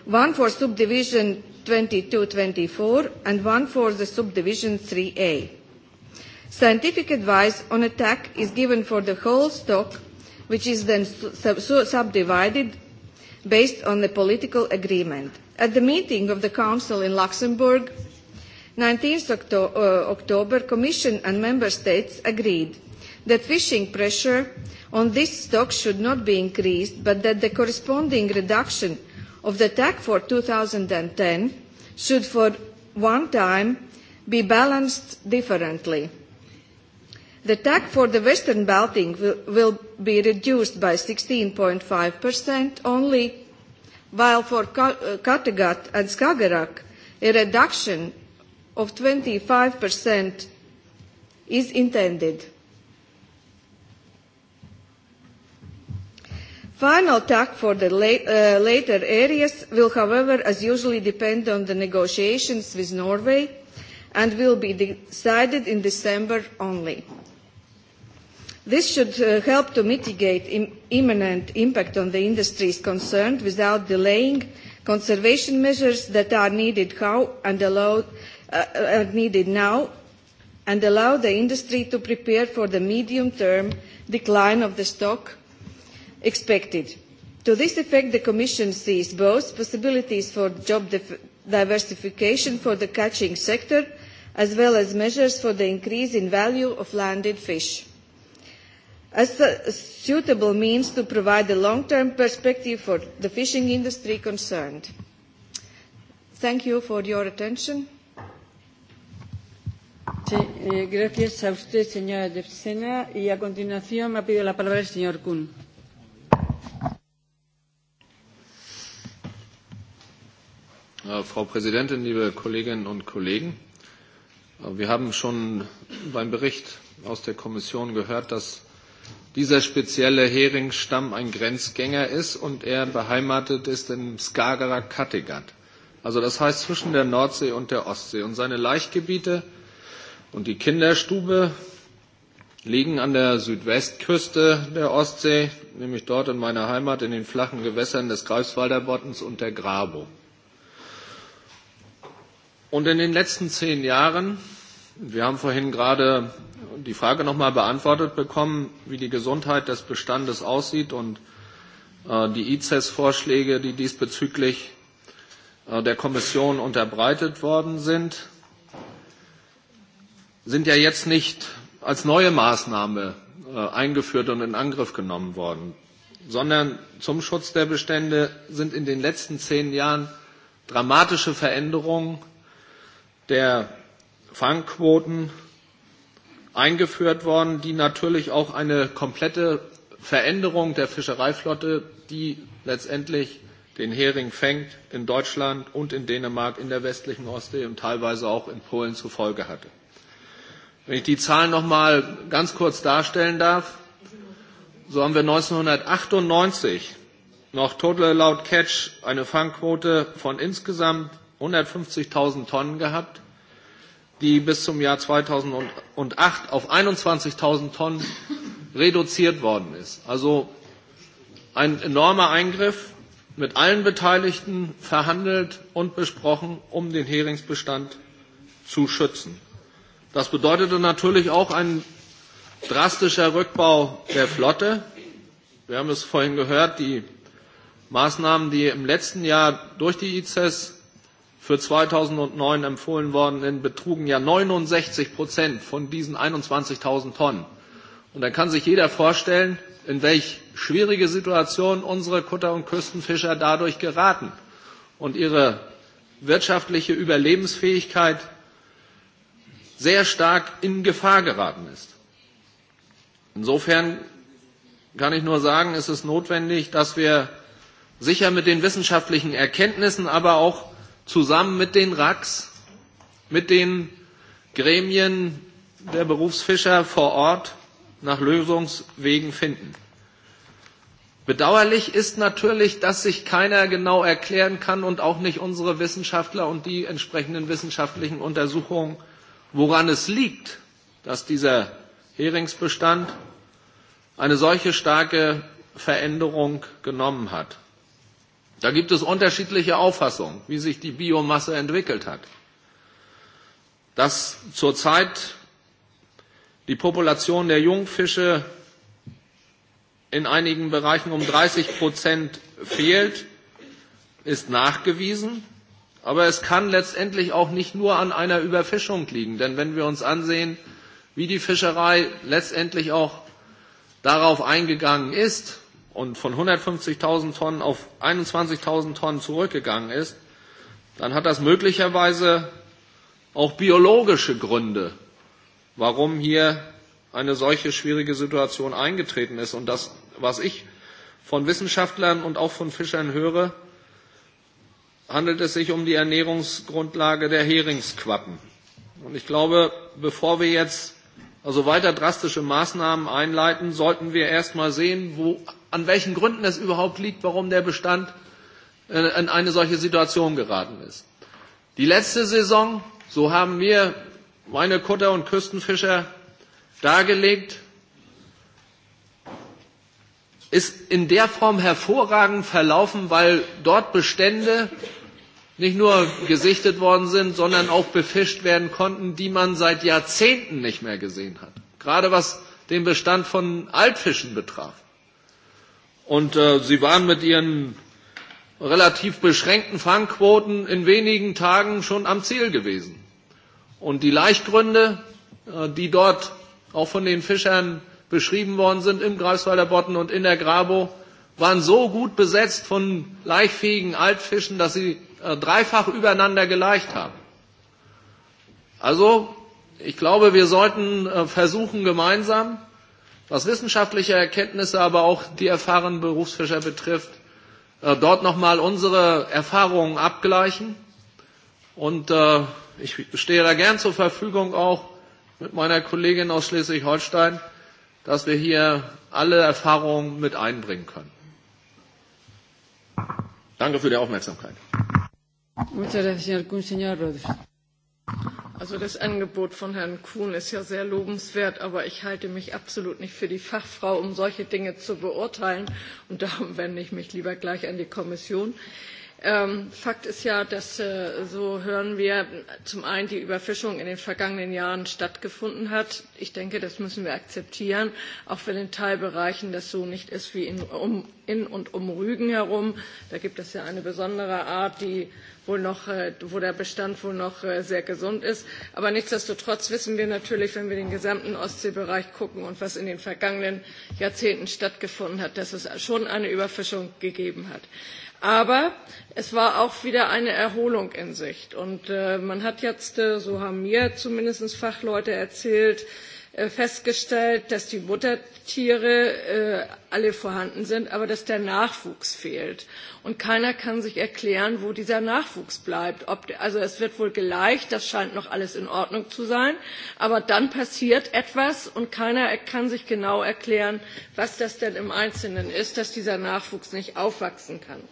one for subdivision 22-24 and one for the subdivision 3A. Scientific advice on attack is given for the whole stock, which is then subdivided based on the political agreement. At the meeting of the Council in Luxembourg, 19 October, Commission and Member States agreed that fishing pressure on this stock should not be increased, but that the corresponding reduction of the TAC for ten should for one time be balanced differently. The TAC for the Western Baltic will be reduced by 16.5% only, while for Kattegat and Skagerrak, a reduction of 25% is intended. Final tax for the later areas will, however, as usually depend on the negotiations with Norway and will be decided in December only. This should help to mitigate imminent impact on the industries concerned without delaying conservation measures that are needed how and allowed are needed now and allow the industry to prepare for the medium-term decline of the stock expected. To this effect, the Commission sees both possibilities for job diversification for the catching sector as well as measures for the increase in value of landed fish. As a suitable means to provide a long-term perspective for the fishing industry concerned. Thank you for your attention. Frau Präsidentin, liebe Kolleginnen und Kollegen! Wir haben schon beim Bericht aus der Kommission gehört, dass dieser spezielle Heringsstamm ein Grenzgänger ist und er beheimatet ist im Skagerrak Kattegat. Also das heißt zwischen der Nordsee und der Ostsee. Und seine Laichgebiete Und die Kinderstube liegen an der Südwestküste der Ostsee, nämlich dort in meiner Heimat in den flachen Gewässern des Greifswalder Bottens und der Grabo. Und in den letzten zehn Jahren, wir haben vorhin gerade die Frage nochmal beantwortet bekommen, wie die Gesundheit des Bestandes aussieht und die ICES-Vorschläge, die diesbezüglich der Kommission unterbreitet worden sind, sind ja jetzt nicht als neue Maßnahme eingeführt und in Angriff genommen worden, sondern zum Schutz der Bestände sind in den letzten zehn Jahren dramatische Veränderungen der Fangquoten eingeführt worden, die natürlich auch eine komplette Veränderung der Fischereiflotte, die letztendlich den Hering fängt, in Deutschland und in Dänemark, in der westlichen Ostsee und teilweise auch in Polen zur Folge hatte. Wenn ich die Zahlen noch mal ganz kurz darstellen darf, so haben wir 1998 noch total allowed catch eine Fangquote von insgesamt 150.000 Tonnen gehabt, die bis zum Jahr 2008 auf 21.000 Tonnen reduziert worden ist. Also ein enormer Eingriff, mit allen Beteiligten verhandelt und besprochen, um den Heringsbestand zu schützen. Das bedeutete natürlich auch ein drastischer Rückbau der Flotte. Wir haben es vorhin gehört, die Maßnahmen, die im letzten Jahr durch die ICES für 2009 empfohlen worden sind, betrugen ja 69 Prozent von diesen 21.000 Tonnen. Und dann kann sich jeder vorstellen, in welch schwierige Situation unsere Kutter- und Küstenfischer dadurch geraten und ihre wirtschaftliche Überlebensfähigkeit sehr stark in Gefahr geraten ist. Insofern kann ich nur sagen, ist es notwendig, dass wir sicher mit den wissenschaftlichen Erkenntnissen, aber auch zusammen mit den RACs, mit den Gremien der Berufsfischer vor Ort nach Lösungswegen finden. Bedauerlich ist natürlich, dass sich keiner genau erklären kann und auch nicht unsere Wissenschaftler und die entsprechenden wissenschaftlichen Untersuchungen woran es liegt, dass dieser Heringsbestand eine solche starke Veränderung genommen hat. Da gibt es unterschiedliche Auffassungen, wie sich die Biomasse entwickelt hat. Dass zurzeit die Population der Jungfische in einigen Bereichen um 30 Prozent fehlt, ist nachgewiesen. Aber es kann letztendlich auch nicht nur an einer Überfischung liegen, denn wenn wir uns ansehen, wie die Fischerei letztendlich auch darauf eingegangen ist und von 150.000 Tonnen auf 21.000 Tonnen zurückgegangen ist, dann hat das möglicherweise auch biologische Gründe, warum hier eine solche schwierige Situation eingetreten ist. Und das, was ich von Wissenschaftlern und auch von Fischern höre, handelt es sich um die Ernährungsgrundlage der Heringsquappen. Und ich glaube, bevor wir jetzt also weiter drastische Maßnahmen einleiten, sollten wir erst mal sehen, wo, an welchen Gründen es überhaupt liegt, warum der Bestand in eine solche Situation geraten ist. Die letzte Saison, so haben wir meine Kutter und Küstenfischer dargelegt, ist in der Form hervorragend verlaufen, weil dort Bestände nicht nur gesichtet worden sind, sondern auch befischt werden konnten, die man seit Jahrzehnten nicht mehr gesehen hat. Gerade was den Bestand von Altfischen betraf. Und äh, sie waren mit ihren relativ beschränkten Fangquoten in wenigen Tagen schon am Ziel gewesen. Und die Leichtgründe, äh, die dort auch von den Fischern beschrieben worden sind im Greifswalder Botten und in der Grabo, waren so gut besetzt von leichtfähigen Altfischen, dass sie dreifach übereinander geleicht haben. Also, ich glaube, wir sollten versuchen, gemeinsam, was wissenschaftliche Erkenntnisse, aber auch die erfahrenen Berufsfischer betrifft, dort nochmal unsere Erfahrungen abgleichen. Und ich stehe da gern zur Verfügung auch mit meiner Kollegin aus Schleswig-Holstein, dass wir hier alle Erfahrungen mit einbringen können. Danke für die Aufmerksamkeit. Also das Angebot von Herrn Kuhn ist ja sehr lobenswert, aber ich halte mich absolut nicht für die Fachfrau, um solche Dinge zu beurteilen. Und darum wende ich mich lieber gleich an die Kommission. Fakt ist ja, dass so hören wir zum einen die Überfischung in den vergangenen Jahren stattgefunden hat. Ich denke, das müssen wir akzeptieren, auch wenn in Teilbereichen das so nicht ist wie in, und um Rügen herum. Da gibt es ja eine besondere Art, die wohl noch, wo der Bestand wohl noch sehr gesund ist. Aber nichtsdestotrotz wissen wir natürlich, wenn wir den gesamten Ostseebereich gucken und was in den vergangenen Jahrzehnten stattgefunden hat, dass es schon eine Überfischung gegeben hat. Aber es war auch wieder eine Erholung in Sicht. Und man hat jetzt, so haben mir zumindest Fachleute erzählt, festgestellt, dass die Muttertiere alle vorhanden sind, aber dass der Nachwuchs fehlt. Und keiner kann sich erklären, wo dieser Nachwuchs bleibt. also es wird wohl geleicht, das scheint noch alles in Ordnung zu sein, aber dann passiert etwas und keiner kann sich genau erklären, was das denn im Einzelnen ist, dass dieser Nachwuchs nicht aufwachsen kann.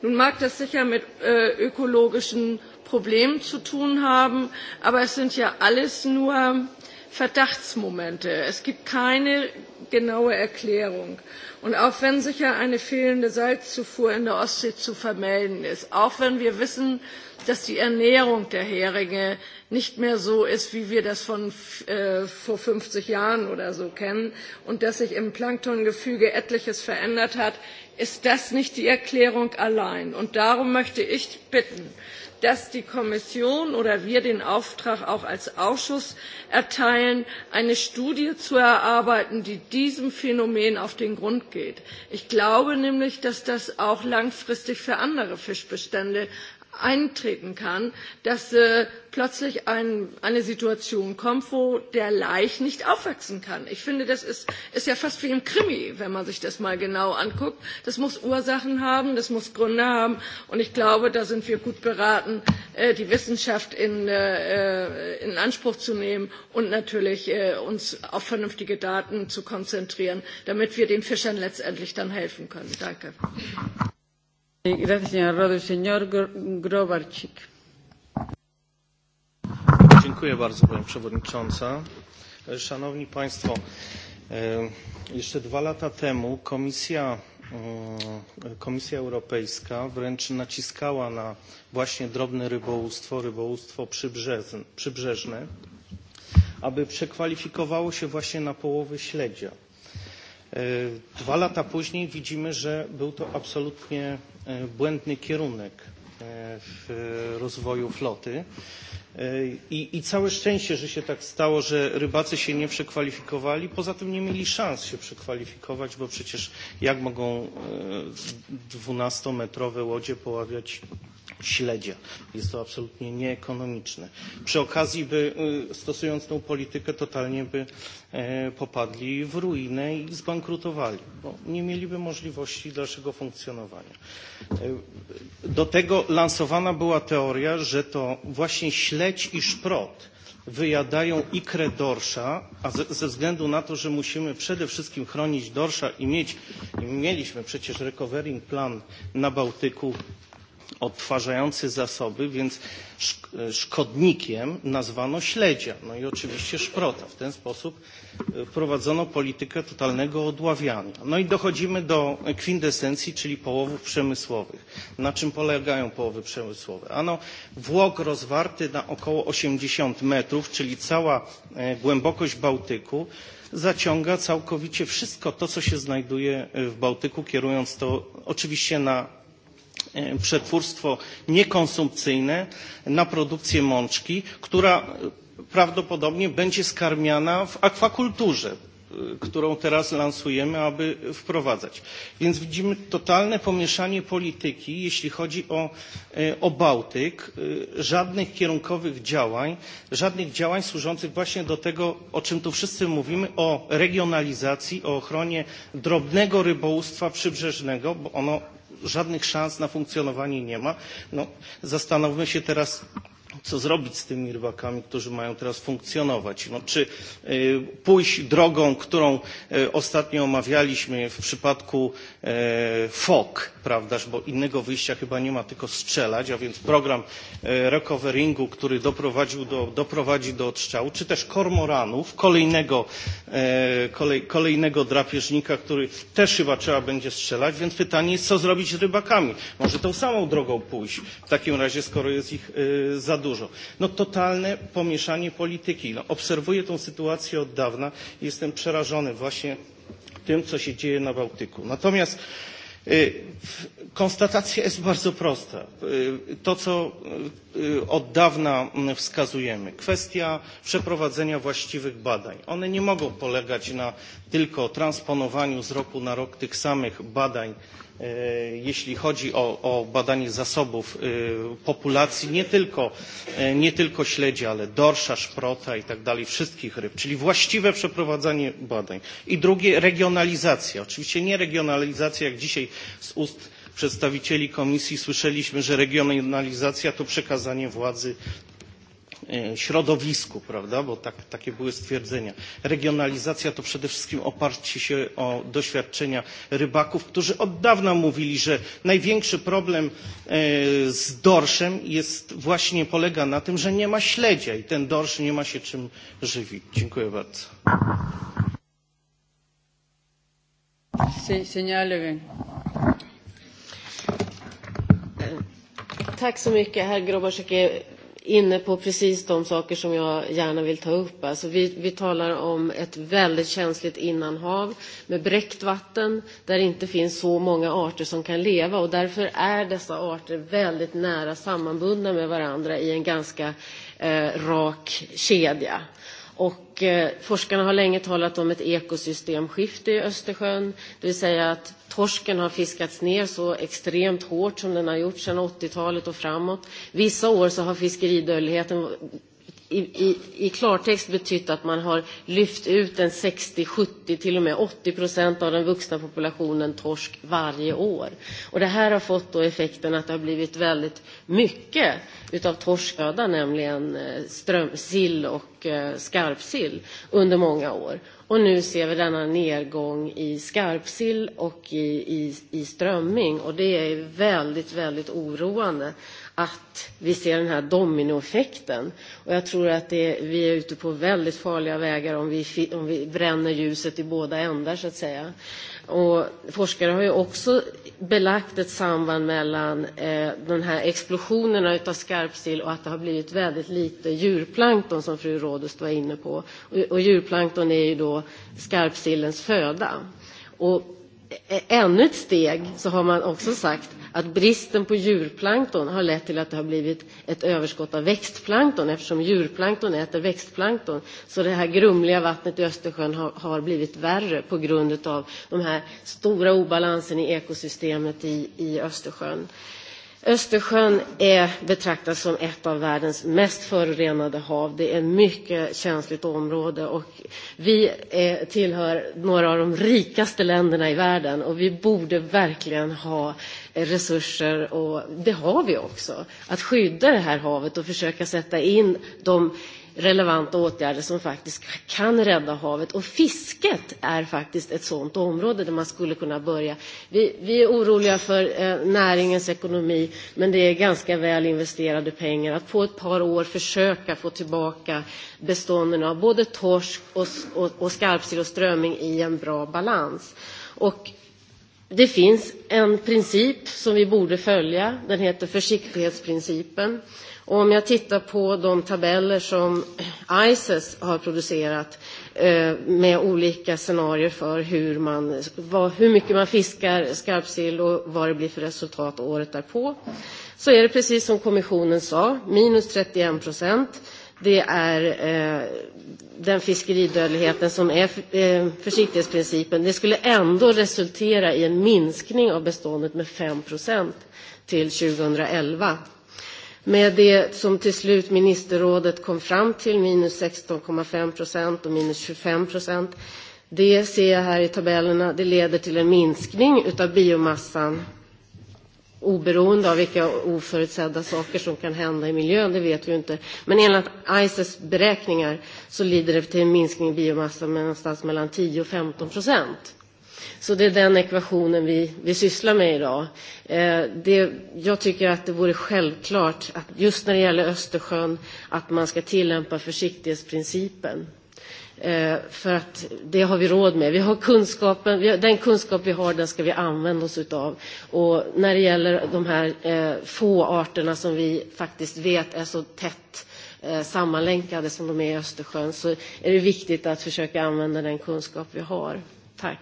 Nun mag das sicher mit ökologischen Problemen zu tun haben, aber es sind ja alles nur Verdachtsmomente. Es gibt keine genaue Erklärung. Und auch wenn sicher eine fehlende Salzzufuhr in der Ostsee zu vermelden ist, auch wenn wir wissen, dass die Ernährung der Heringe nicht mehr so ist, wie wir das von vor fünfzig Jahren oder so kennen und dass sich im Planktongefüge etliches verändert hat, ist das nicht die Erklärung allein. Und darum möchte ich bitten, dass die kommission oder wir den auftrag auch als ausschuss erteilen eine studie zu erarbeiten die diesem phänomen auf den grund geht. ich glaube nämlich dass das auch langfristig für andere fischbestände eintreten kann, dass plötzlich eine Situation kommt, wo der Laich nicht aufwachsen kann. Ich finde, das ist, ja fast wie im Krimi, wenn man sich das mal genau anguckt. Das muss Ursachen haben, das muss Gründe haben. Und ich glaube, da sind wir gut beraten, die Wissenschaft in, Anspruch zu nehmen und natürlich uns auf vernünftige Daten zu konzentrieren, damit wir den Fischern letztendlich dann helfen können. Danke. Dziękuję bardzo, Pani Przewodnicząca. Szanowni Państwo, jeszcze dwa lata temu Komisja, Komisja Europejska wręcz naciskała na właśnie drobne rybołówstwo, rybołówstwo przybrzeżne, aby przekwalifikowało się właśnie na połowy śledzia Dwa lata później widzimy, że był to absolutnie błędny kierunek w rozwoju floty. I, I całe szczęście, że się tak stało, że rybacy się nie przekwalifikowali. Poza tym nie mieli szans się przekwalifikować, bo przecież jak mogą dwunastometrowe łodzie poławiać śledzie. Jest to absolutnie nieekonomiczne. Przy okazji, by, stosując tą politykę, totalnie by popadli w ruinę i zbankrutowali, bo nie mieliby możliwości dalszego funkcjonowania. Do tego lansowana była teoria, że to właśnie śledź i szprot wyjadają ikrę dorsza, a ze względu na to, że musimy przede wszystkim chronić dorsza i mieć, i mieliśmy przecież recovering plan na Bałtyku odtwarzający zasoby, więc szkodnikiem nazwano śledzia, no i oczywiście szprota. W ten sposób prowadzono politykę totalnego odławiania. No i dochodzimy do kwintesencji, czyli połowów przemysłowych. Na czym polegają połowy przemysłowe? Ano włok rozwarty na około 80 metrów, czyli cała głębokość Bałtyku, zaciąga całkowicie wszystko to, co się znajduje w Bałtyku, kierując to oczywiście na przetwórstwo niekonsumpcyjne na produkcję mączki, która prawdopodobnie będzie skarmiana w akwakulturze, którą teraz lansujemy, aby wprowadzać. Więc widzimy totalne pomieszanie polityki, jeśli chodzi o, Bałtyk, żadnych kierunkowych działań, żadnych działań służących właśnie do tego, o czym tu wszyscy mówimy, o regionalizacji, o ochronie drobnego rybołówstwa przybrzeżnego, bo ono żadnych szans na funkcjonowanie nie ma. No, zastanówmy się teraz, co zrobić z tymi rybakami, którzy mają teraz funkcjonować. No, czy pójść drogą, którą ostatnio omawialiśmy w przypadku FOK, prawdaż, bo innego wyjścia chyba nie ma, tylko strzelać, a więc program recoveringu, który doprowadzi do odstrzału, czy też kormoranów, kolejnego drapieżnika, który też chyba trzeba będzie strzelać, więc pytanie jest, co zrobić z rybakami? Może tą samą drogą pójść, w takim razie, skoro jest ich za dużo. No totalne pomieszanie polityki. obserwuję tę sytuację od dawna i jestem przerażony właśnie tym, co się dzieje na Bałtyku. Natomiast konstatacja jest bardzo prosta. To, co od dawna wskazujemy, kwestia przeprowadzenia właściwych badań. One nie mogą polegać na tylko transponowaniu z roku na rok tych samych badań jeśli chodzi o, badanie zasobów populacji nie tylko, śledzi, ale dorsza, szprota i tak dalej, wszystkich ryb, czyli właściwe przeprowadzanie badań. I drugie, regionalizacja. Oczywiście nie regionalizacja, jak dzisiaj z ust przedstawicieli komisji słyszeliśmy, że regionalizacja to przekazanie władzy środowisku, prawda, bo tak, takie były stwierdzenia. Regionalizacja to przede wszystkim oparcie się o doświadczenia rybaków, którzy od dawna mówili, że największy problem z dorszem jest właśnie polega na tym, że nie ma śledzia i ten dorsz nie ma się czym żywić. Dziękuję bardzo. så mycket, herr inne på precis de saker som jag gärna vill ta upp. Alltså vi, vi talar om ett väldigt känsligt innanhav med bräckt vatten där det inte finns så många arter som kan leva och därför är dessa arter väldigt nära sammanbundna med varandra i en ganska eh, rak kedja. Och forskarna har länge talat om ett ekosystemskifte i Östersjön, det vill säga att torsken har fiskats ner så extremt hårt som den har gjort sedan 80-talet och framåt. Vissa år har fiskeridödligheten i, i, i klartext betytt att man har lyft ut en 60, 70, till och med 80 procent av den vuxna populationen torsk varje år. Och det här har fått då effekten att det har blivit väldigt mycket utav torsköda, nämligen strömsill och skarpsill under många år. Och nu ser vi denna nedgång i skarpsill och i, i, i strömming och det är väldigt, väldigt oroande att vi ser den här dominoeffekten. Och jag tror att det, vi är ute på väldigt farliga vägar om vi, om vi bränner ljuset i båda ändar, så att säga. Och forskare har ju också belagt ett samband mellan eh, den här explosionerna av skarpsill och att det har blivit väldigt lite djurplankton, som fru Rådest var inne på. Och, och djurplankton är ju då skarpsillens föda. Och ännu ett steg så har man också sagt att bristen på djurplankton har lett till att det har blivit ett överskott av växtplankton eftersom djurplankton äter växtplankton. Så det här grumliga vattnet i Östersjön har, har blivit värre på grund av den här stora obalansen i ekosystemet i, i Östersjön. Östersjön är betraktas som ett av världens mest förorenade hav. Det är ett mycket känsligt område och vi tillhör några av de rikaste länderna i världen och vi borde verkligen ha resurser, och det har vi också, att skydda det här havet och försöka sätta in de relevanta åtgärder som faktiskt kan rädda havet. Och fisket är faktiskt ett sådant område där man skulle kunna börja. Vi, vi är oroliga för eh, näringens ekonomi, men det är ganska väl investerade pengar. Att på ett par år försöka få tillbaka bestånden av både torsk och, och, och skarpsill och strömming i en bra balans. Och det finns en princip som vi borde följa. Den heter försiktighetsprincipen. Om jag tittar på de tabeller som ICES har producerat med olika scenarier för hur, man, hur mycket man fiskar skarpsill och vad det blir för resultat året därpå så är det precis som kommissionen sa, minus 31 procent. Det är den fiskeridödligheten som är försiktighetsprincipen. Det skulle ändå resultera i en minskning av beståndet med 5 procent till 2011 med det som till slut ministerrådet kom fram till, minus 16,5 procent och minus 25 procent, det ser jag här i tabellerna, det leder till en minskning av biomassan oberoende av vilka oförutsedda saker som kan hända i miljön, det vet vi inte. Men enligt ICES beräkningar så lider det till en minskning i biomassa med någonstans mellan 10 och 15 procent. Så det är den ekvationen vi, vi sysslar med idag. Eh, det, jag tycker att det vore självklart att just när det gäller Östersjön att man ska tillämpa försiktighetsprincipen. Eh, för att det har vi råd med. Vi har kunskapen, vi har, den kunskap vi har den ska vi använda oss utav. Och när det gäller de här eh, få arterna som vi faktiskt vet är så tätt sammanlänkade som de är i Östersjön så är det viktigt att försöka använda den kunskap vi har. Tack.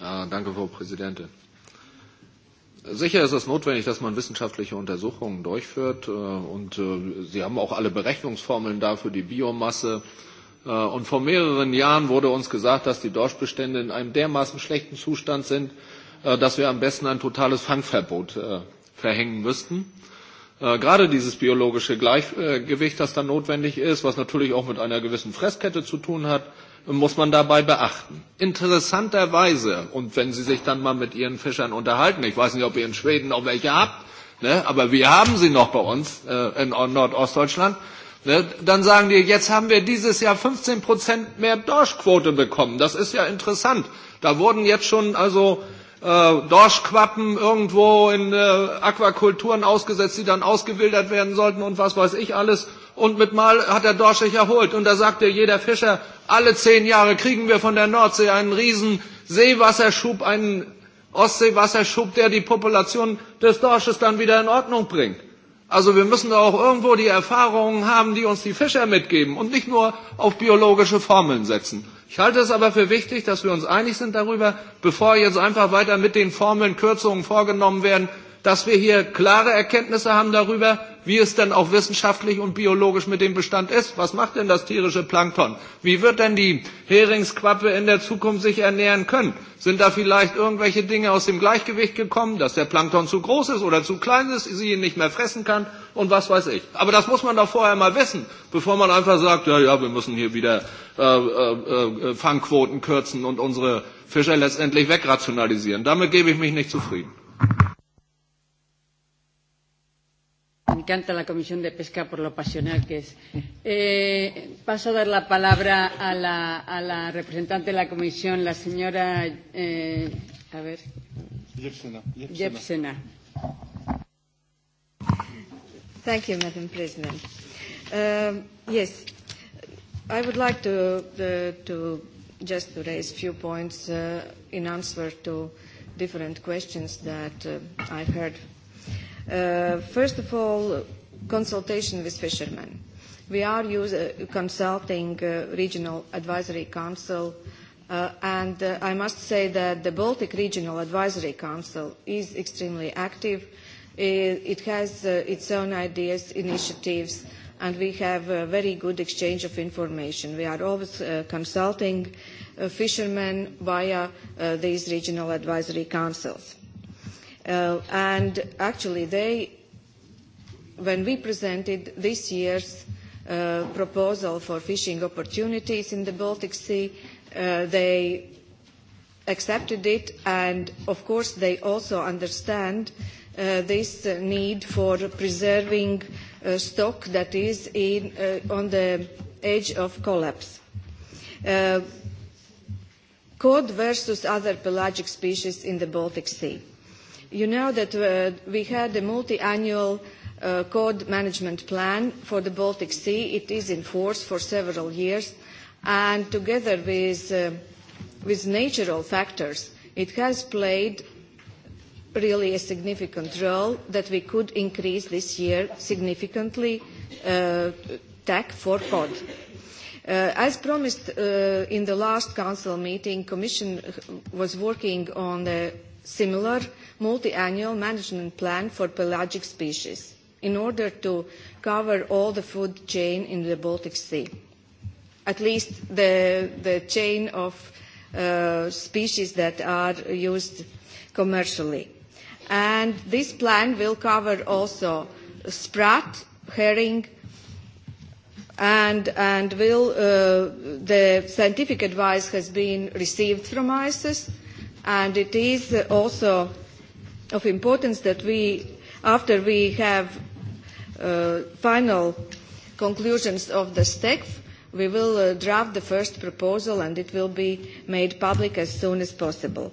Danke, Frau Präsidentin. Sicher ist es notwendig, dass man wissenschaftliche Untersuchungen durchführt. Und Sie haben auch alle Berechnungsformeln dafür, die Biomasse. Und vor mehreren Jahren wurde uns gesagt, dass die Dorschbestände in einem dermaßen schlechten Zustand sind, dass wir am besten ein totales Fangverbot verhängen müssten gerade dieses biologische Gleichgewicht, das dann notwendig ist, was natürlich auch mit einer gewissen Fresskette zu tun hat, muss man dabei beachten. Interessanterweise, und wenn Sie sich dann mal mit Ihren Fischern unterhalten, ich weiß nicht, ob ihr in Schweden auch welche habt, ne, aber wir haben sie noch bei uns äh, in Nordostdeutschland, ne, dann sagen die, jetzt haben wir dieses Jahr 15 Prozent mehr Dorschquote bekommen. Das ist ja interessant. Da wurden jetzt schon also Dorschquappen irgendwo in Aquakulturen ausgesetzt, die dann ausgewildert werden sollten und was weiß ich alles. Und mit Mal hat der Dorsch sich erholt. Und da sagte jeder Fischer, alle zehn Jahre kriegen wir von der Nordsee einen riesen Seewasserschub, einen Ostseewasserschub, der die Population des Dorsches dann wieder in Ordnung bringt. Also wir müssen auch irgendwo die Erfahrungen haben, die uns die Fischer mitgeben und nicht nur auf biologische Formeln setzen. Ich halte es aber für wichtig, dass wir uns einig sind darüber, bevor jetzt einfach weiter mit den Formeln Kürzungen vorgenommen werden, dass wir hier klare Erkenntnisse haben darüber, wie es denn auch wissenschaftlich und biologisch mit dem Bestand ist. Was macht denn das tierische Plankton? Wie wird denn die Heringsquappe in der Zukunft sich ernähren können? Sind da vielleicht irgendwelche Dinge aus dem Gleichgewicht gekommen, dass der Plankton zu groß ist oder zu klein ist, sie ihn nicht mehr fressen kann und was weiß ich. Aber das muss man doch vorher mal wissen, bevor man einfach sagt, ja, ja, wir müssen hier wieder äh, äh, Fangquoten kürzen und unsere Fischer letztendlich wegrationalisieren. Damit gebe ich mich nicht zufrieden. Me encanta la Comisión de Pesca por lo pasional que es. Eh, paso a dar la palabra a la, a la representante de la Comisión, la señora. Eh, a ver. Jepsena. Jepsena. Thank you, Madam President. Um, yes, I would like to, uh, to just to raise a few points uh, in answer to different questions that uh, I've heard first of all, consultation with fishermen. We are use, uh, consulting uh, regional advisory council uh, and uh, I must say that the Baltic Regional Advisory Council is extremely active. It has uh, its own ideas, initiatives, and we have a very good exchange of information. We are always uh, consulting uh, fishermen via uh, these regional advisory councils. Uh, and actually, they, when we presented this year's uh, proposal for fishing opportunities in the Baltic Sea, uh, they accepted it, and of course, they also understand this need for preserving stock that is on the edge of collapse. cod versus other pelagic species in the Baltic Sea. You know that uh, we had a multi-annual uh, code management plan for the Baltic Sea. It is in force for several years. And together with, uh, with natural factors, it has played really a significant role that we could increase this year significantly uh, TAC for cod. As promised in the last council meeting, Commission was working on a similar multi-annual management plan for pelagic species in order to cover all the food chain in the Baltic Sea. At least the, the chain of uh, species that are used commercially. And this plan will cover also sprat, herring, and, and will, uh, the scientific advice has been received from ISIS, and it is also of importance that we, after we have uh, final conclusions of the STEC, we will uh, draft the first proposal and it will be made public as soon as possible.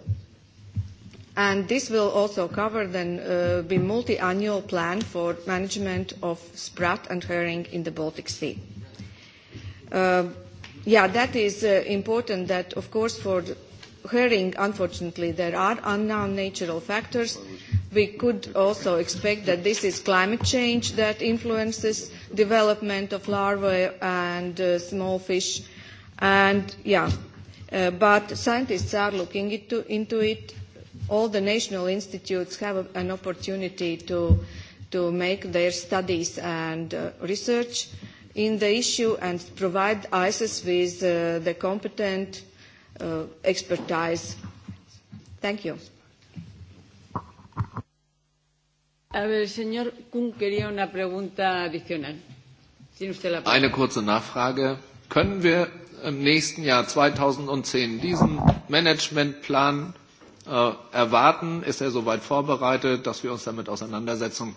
And this will also cover then uh, the multi-annual plan for management of sprat and herring in the Baltic Sea. Uh, yeah, that is uh, important that, of course, for the herring, unfortunately, there are unknown natural factors. We could also expect that this is climate change that influences development of larvae and uh, small fish. And yeah, uh, but scientists are looking into, into it. All the national institutes have a, an opportunity to, to make their studies and uh, research in the issue and provide ISIS with uh, the competent uh, expertise. Thank you. A ver, el señor Kuhn quería una pregunta adicional. Tiene usted la palabra. Eine kurze Nachfrage. Können wir im nächsten Jahr 2010 diesen Managementplan äh, erwarten? Ist er soweit vorbereitet, dass wir uns damit auseinandersetzen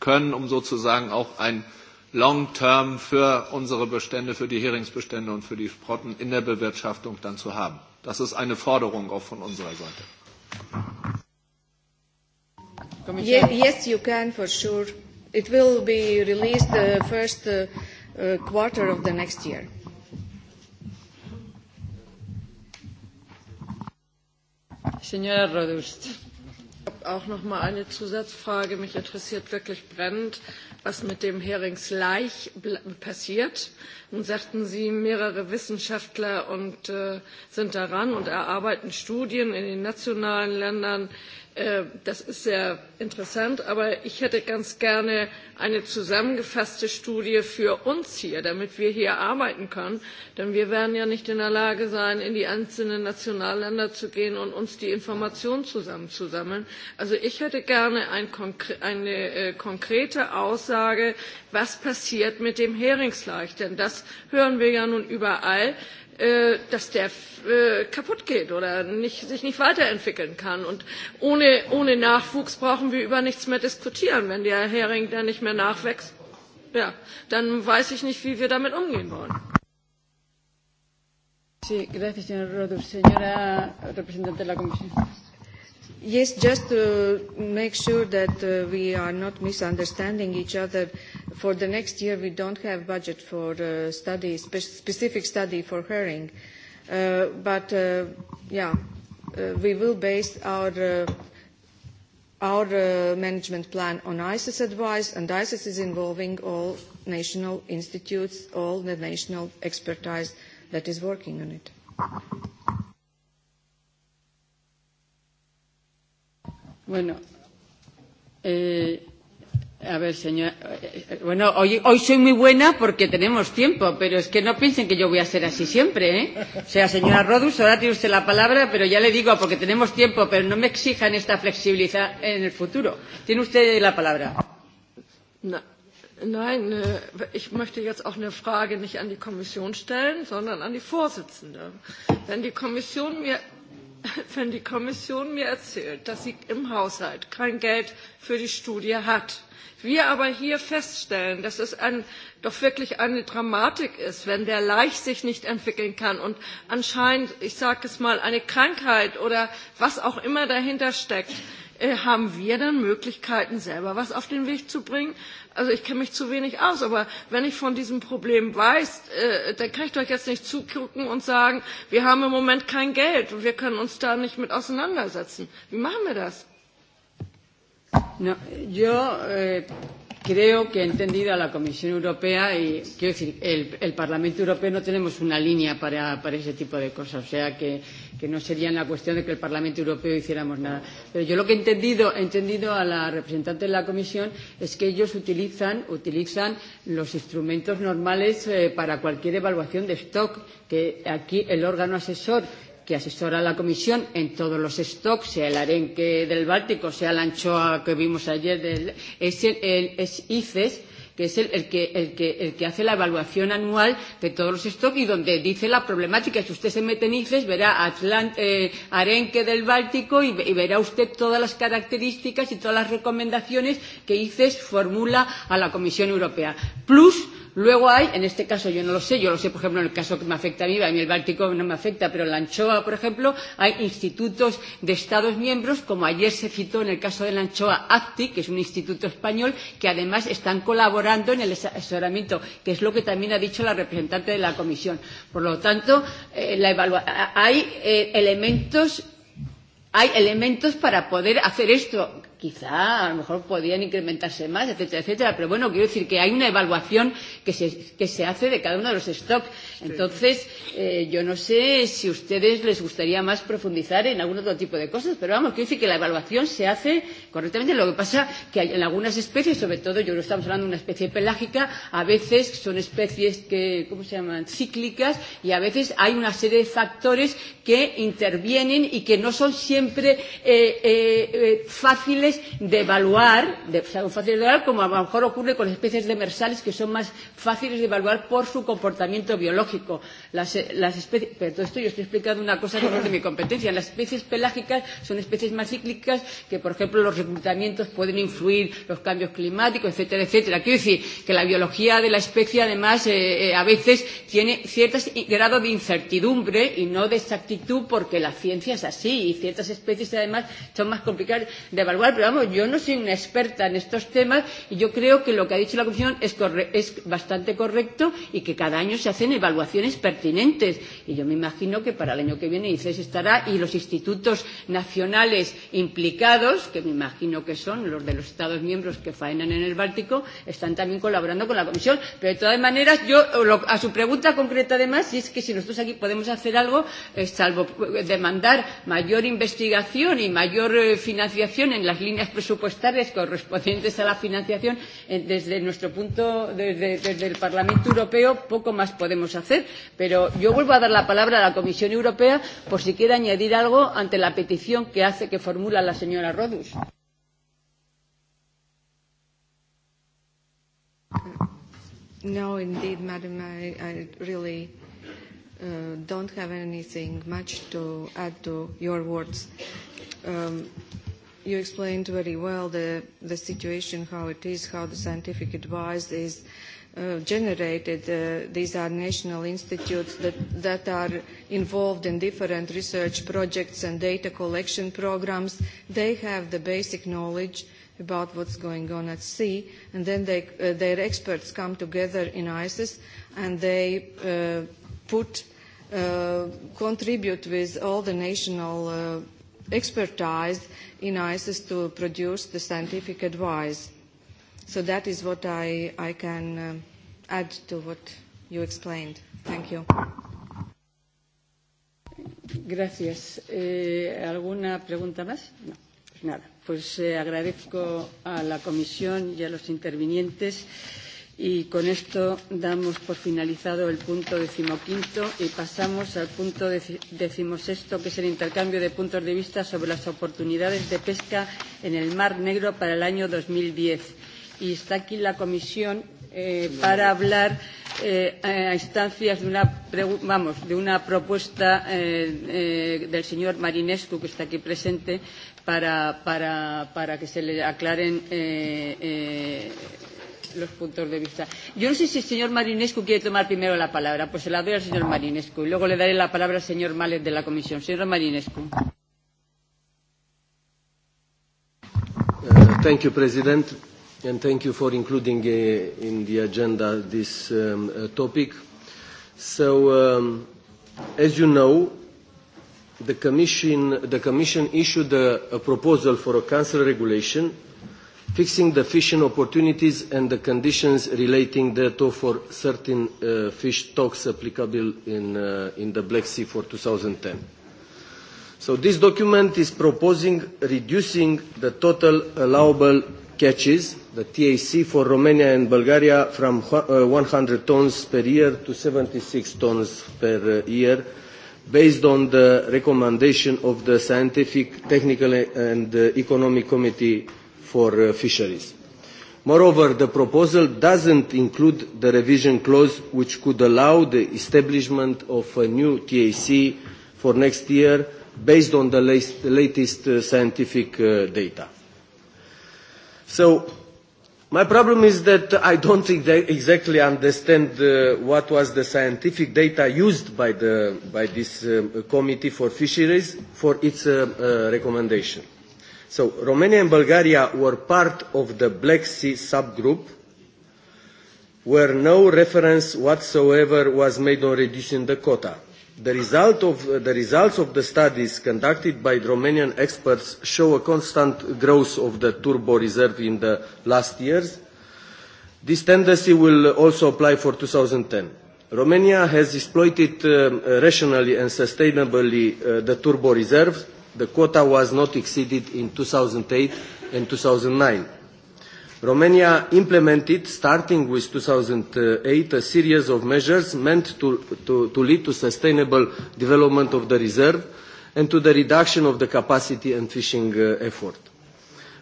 können, um sozusagen auch ein äh, long-term für unsere Bestände, für die Heringsbestände und für die Sprotten in der Bewirtschaftung dann zu haben. Das ist eine Forderung auch von unserer Seite. Yes, you can for sure. It will be released the first quarter of the next year. Signora Rodust. Auch noch mal eine Zusatzfrage. Mich interessiert wirklich brennend was mit dem Heringsleich passiert. Nun sagten Sie, mehrere Wissenschaftler und, sind daran und erarbeiten Studien in den nationalen Ländern Das ist sehr interessant, aber ich hätte ganz gerne eine zusammengefasste Studie für uns hier, damit wir hier arbeiten können. Denn wir werden ja nicht in der Lage sein, in die einzelnen Nationalländer zu gehen und uns die Informationen zusammenzusammeln. Also ich hätte gerne eine konkrete Aussage, was passiert mit dem Heringsleich? Denn das hören wir ja nun überall dass der kaputt geht oder sich nicht weiterentwickeln kann. Und ohne, Nachwuchs brauchen wir über nichts mehr diskutieren. Wenn der Hering dann nicht mehr nachwächst, dann weiß ich nicht, wie wir damit umgehen wollen. Sí, gracias, señora Rodus. Señora representante de la Comisión. Yes, just to make sure that we are not misunderstanding each other, for the next year we don't have budget for study, specific study for herring. but yeah, we will base our our management plan on ICES advice, and ICES is involving all national institutes, all the national expertise that is working on it. Bueno, eh, a ver, señora. Eh, bueno, hoy, hoy soy muy buena porque tenemos tiempo, pero es que no piensen que yo voy a ser así siempre, ¿eh? O sea, señora Rodus, ahora tiene usted la palabra, pero ya le digo, porque tenemos tiempo, pero no me exijan esta flexibilidad en el futuro. Tiene usted la palabra. No. Nein, ich möchte jetzt auch eine Frage nicht an die Kommission stellen, sondern an die Vorsitzende. Wenn die Kommission mir wenn die Kommission mir erzählt, dass sie im Haushalt kein Geld für die Studie hat. Wir aber hier feststellen, dass es doch wirklich eine Dramatik ist, wenn der Laich sich nicht entwickeln kann und anscheinend, ich sage es mal, eine Krankheit oder was auch immer dahinter steckt haben wir dann Möglichkeiten, selber was auf den Weg zu bringen? Also ich kenne mich zu wenig aus, aber wenn ich von diesem Problem weiß, äh, dann kann ich doch jetzt nicht zugucken und sagen, wir haben im Moment kein Geld und wir können uns da nicht mit auseinandersetzen. Wie machen wir das? No, yo eh, creo que he entendido a la Comisión Europea y quiero decir, el, el Parlamento Europeo no tenemos una línea para, para, ese tipo de cosas. O sea que que no sería una cuestión de que el Parlamento Europeo hiciéramos nada. Pero yo lo que he entendido, he entendido a la representante de la Comisión es que ellos utilizan, utilizan los instrumentos normales eh, para cualquier evaluación de stock, que aquí el órgano asesor que asesora a la Comisión en todos los stocks, sea el arenque del Báltico, sea la anchoa que vimos ayer, del, es, el, el, es ICES, que es el, el, que, el, que, el que hace la evaluación anual de todos los stocks y donde dice la problemática. Si usted se mete en IFES, verá Atlant, eh, Arenque del Báltico y, y verá usted todas las características y todas las recomendaciones que ICES formula a la Comisión Europea. Plus, Luego hay, en este caso yo no lo sé, yo lo sé, por ejemplo, en el caso que me afecta a mí, a mí el Báltico no me afecta, pero en la anchoa, por ejemplo, hay institutos de Estados miembros, como ayer se citó en el caso de la anchoa ACTI, que es un instituto español, que además están colaborando mejorando en el asesoramiento, que es lo que también ha dicho la representante de la Comisión. Por lo tanto, eh, la evalua hay eh, elementos hay elementos para poder hacer esto quizá a lo mejor podían incrementarse más, etcétera, etcétera. Pero bueno, quiero decir que hay una evaluación que se, que se hace de cada uno de los stocks. Entonces, eh, yo no sé si a ustedes les gustaría más profundizar en algún otro tipo de cosas, pero vamos, quiero decir que la evaluación se hace correctamente. Lo que pasa que en algunas especies, sobre todo yo no estamos hablando de una especie pelágica, a veces son especies que, ¿cómo se llaman?, cíclicas y a veces hay una serie de factores que intervienen y que no son siempre eh, eh, fáciles fáciles de evaluar, de, son fáciles de evaluar, como a lo mejor ocurre con especies demersales que son más fáciles de evaluar por su comportamiento biológico. Las, las especies, pero todo esto yo estoy explicando una cosa que no es de mi competencia. Las especies pelágicas son especies más cíclicas que, por ejemplo, los reclutamientos pueden influir, los cambios climáticos, etcétera, etcétera. Quiero decir que la biología de la especie, además, eh, eh, a veces tiene cierto grado de incertidumbre y no de exactitud porque la ciencia es así y ciertas especies, además, son más complicadas de evaluar pero vamos, yo no soy una experta en estos temas y yo creo que lo que ha dicho la Comisión es, corre es bastante correcto y que cada año se hacen evaluaciones pertinentes. Y yo me imagino que para el año que viene ICES estará y los institutos nacionales implicados, que me imagino que son los de los Estados miembros que faenan en el Báltico, están también colaborando con la Comisión. Pero de todas maneras, yo lo, a su pregunta concreta además, si es que si nosotros aquí podemos hacer algo, eh, salvo demandar mayor investigación y mayor eh, financiación en las líneas líneas presupuestarias correspondientes a la financiación, desde nuestro punto, desde, desde el Parlamento Europeo, poco más podemos hacer. Pero yo vuelvo a dar la palabra a la Comisión Europea por si quiere añadir algo ante la petición que hace, que formula la señora Rodus. No, indeed, madam, I, I really uh, don't have anything much to add to your words. Um, you explained very well the, the situation, how it is, how the scientific advice is uh, generated. Uh, these are national institutes that, that are involved in different research projects and data collection programs. They have the basic knowledge about what's going on at sea, and then they, uh, their experts come together in ISIS and they uh, put uh, contribute with all the national uh, expertise in ISIS to produce the scientific advice. So that is what I, I can uh, add to what you explained. Thank you. Gracias. Eh, ¿Alguna pregunta más? No. Pues nada. Pues eh, agradezco a la comisión y a los intervinientes Y con esto damos por finalizado el punto decimoquinto y pasamos al punto decimosexto, que es el intercambio de puntos de vista sobre las oportunidades de pesca en el Mar Negro para el año 2010. Y está aquí la comisión eh, para hablar eh, a instancias de una, vamos, de una propuesta eh, eh, del señor Marinescu, que está aquí presente, para, para, para que se le aclaren eh, eh, los puntos de vista. Yo no sé si el señor Marinescu quiere tomar primero la palabra. Pues se la doy al señor Marinescu y luego le daré la palabra al señor Malet de la Comisión. Señor Marinescu. Uh, thank you, President and thank you for including in the agenda this topic. So, as you know, the Commission, issued a, proposal for a Council regulation fixing the fishing opportunities and the conditions relating thereto for certain fish stocks applicable in, the Black Sea for ten. So this document is proposing reducing the total allowable catches the TAC for Romania and Bulgaria from 100 tons per year to 76 tons per year, based on the recommendation of the Scientific, Technical and Economic Committee for Fisheries. Moreover, the proposal doesn't include the revision clause which could allow the establishment of a new TAC for next year based on the latest scientific data. So My problem is that I don't exactly understand uh, what was the scientific data used by, the, by this um, committee for fisheries for its uh, uh, recommendation. So Romania and Bulgaria were part of the Black Sea subgroup where no reference whatsoever was made on reducing the quota The, result of, the results of the studies conducted by Romanian experts show a constant growth of the turbo reserve in the last years. This tendency will also apply for 2010. Romania has exploited uh, rationally and sustainably uh, the turbo reserve. The quota was not exceeded in 2008 and 2009 Romania implemented, starting with 2008, a series of measures meant to, to, to lead to sustainable development of the reserve and to the reduction of the capacity and fishing uh, effort.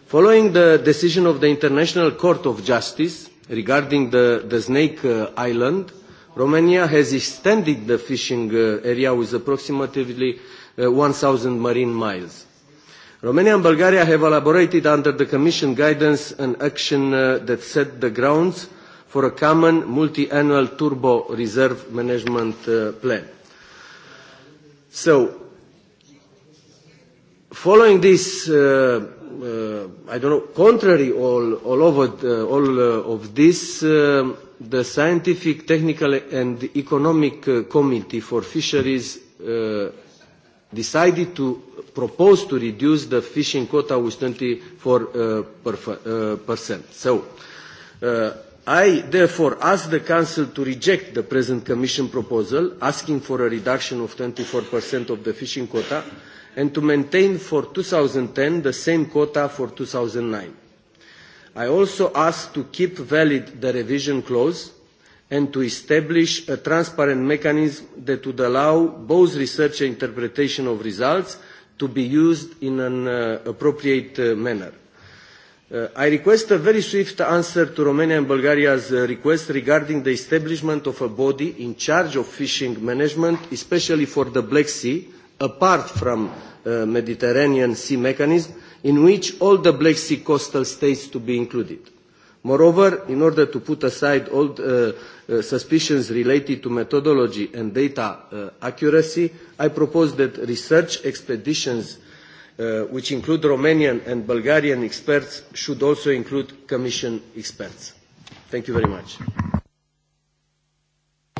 Following the decision of the International Court of Justice regarding the, the Snake uh, Island, Romania has extended the fishing uh, area with approximately uh, 1,000 marine miles. Romania and Bulgaria have elaborated under the Commission guidance an action that set the grounds for a common multi-annual turbo reserve management plan. So, following this, I don't know, contrary all, all over all of this, the scientific, technical and economic committee for fisheries decided to proposed to reduce the fishing quota with 24%. So I therefore ask the Council to reject the present Commission proposal asking for a reduction of 24% of the fishing quota and to maintain for 2010 the same quota for 2009. I also ask to keep valid the revision clause and to establish a transparent mechanism that would allow both research and interpretation of results to be used in an uh, appropriate uh, manner. Uh, I request a very swift answer to Romania and Bulgaria's uh, request regarding the establishment of a body in charge of fishing management, especially for the Black Sea, apart from uh, Mediterranean Sea mechanism, in which all the Black Sea coastal states to be included Moreover, in order to put aside all uh, uh, suspicions related to methodology and data uh, accuracy, I propose that research expeditions uh, which include Romanian and Bulgarian experts should also include Commission experts. Thank you very much.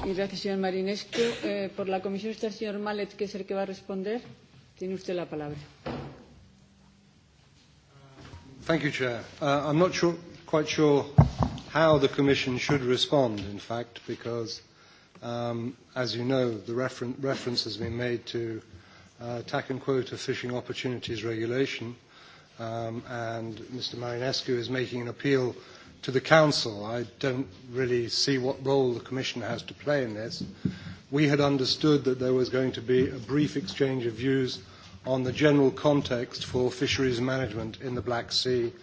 Gracias, señor Marinescu. Eh, por la comisión está el señor Mallet, que es el que va a responder. Tiene usted la palabra. Thank you, Chair. Uh, I'm not sure quite sure how the Commission should respond, in fact, because, um, as you know, the reference has been made to uh, TAC and Quota Fishing Opportunities Regulation, um, and Mr. Marinescu is making an appeal to the Council. I don't really see what role the Commission has to play in this. We had understood that there was going to be a brief exchange of views on the general context for fisheries management in the Black Sea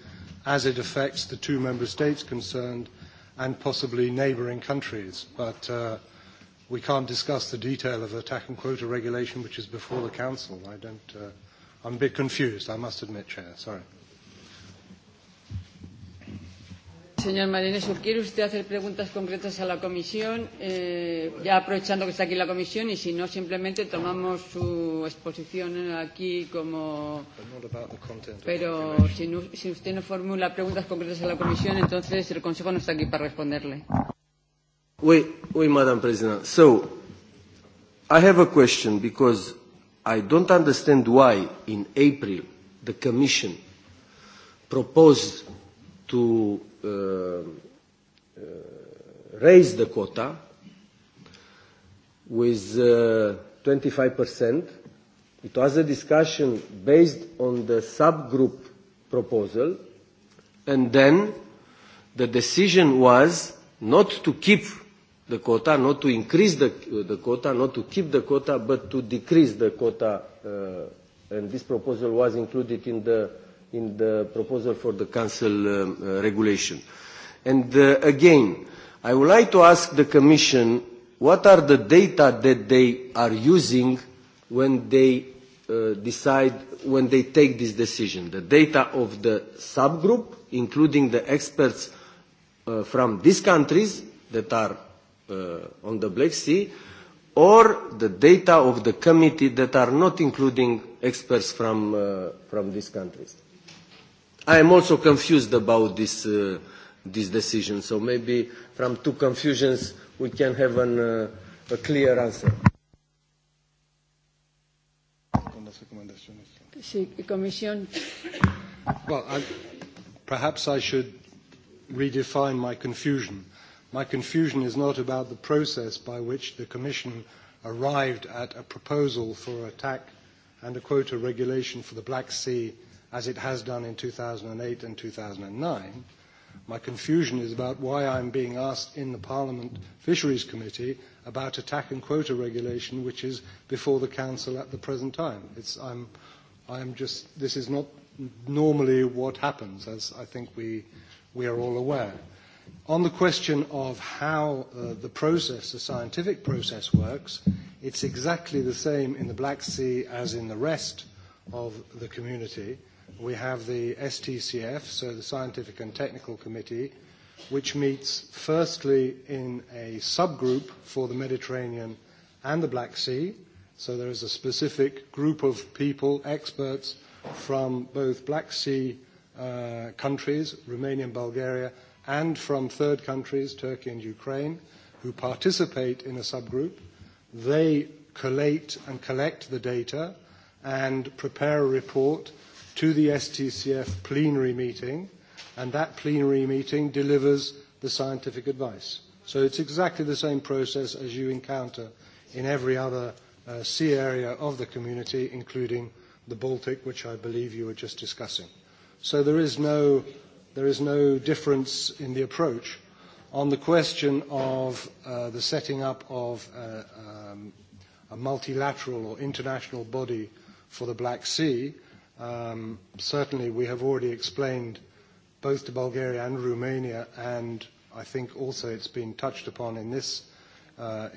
as it affects the two member states concerned and possibly neighbouring countries. But uh, we can't discuss the detail of the attack and quota regulation, which is before the Council. I don't, uh, I'm a bit confused, I must admit, Chair. Sorry. Señor Marineso, ¿quiere usted hacer preguntas concretas a la comisión? Eh, ya aprovechando que está aquí la comisión y si no, simplemente tomamos su exposición aquí como... Pero si, no, si usted no formula preguntas concretas a la comisión, entonces el Consejo no está aquí para responderle. Oui, oui, Madame President. So, I have a question because I don't understand why in April the Commission proposed to uh, uh, raise the quota with uh, 25%. It was a discussion based on the subgroup proposal, and then the decision was not to keep the quota, not to increase the, the quota, not to keep the quota, but to decrease the quota. Uh, and this proposal was included in the in the proposal for the Council regulation. And again, I would like to ask the Commission what are the data that they are using when they decide, when they take this decision. The data of the subgroup, including the experts from these countries that are on the Black Sea, or the data of the committee that are not including experts from, uh, from these countries. I am also confused about this, uh, this decision, so maybe from two confusions we can have an, uh, a clear answer. Well, I, perhaps I should redefine my confusion. My confusion is not about the process by which the Commission arrived at a proposal for a TAC and a quota regulation for the Black Sea as it has done in 2008 and 2009. My confusion is about why I'm being asked in the Parliament Fisheries Committee about attack and quota regulation, which is before the Council at the present time. It's, I'm, I'm just, this is not normally what happens, as I think we, we are all aware. On the question of how uh, the process, the scientific process works, it's exactly the same in the Black Sea as in the rest of the community we have the STCF, so the Scientific and Technical Committee, which meets firstly in a subgroup for the Mediterranean and the Black Sea. So there is a specific group of people, experts from both Black Sea uh, countries, Romania and Bulgaria, and from third countries, Turkey and Ukraine, who participate in a subgroup. They collate and collect the data and prepare a report to the STCF plenary meeting, and that plenary meeting delivers the scientific advice. So it's exactly the same process as you encounter in every other uh, sea area of the community, including the Baltic, which I believe you were just discussing. So there is no, there is no difference in the approach. On the question of uh, the setting up of uh, um, a multilateral or international body for the Black Sea, Um, certainly, we have already explained both to Bulgaria and Romania, and I think also it's been touched upon in this,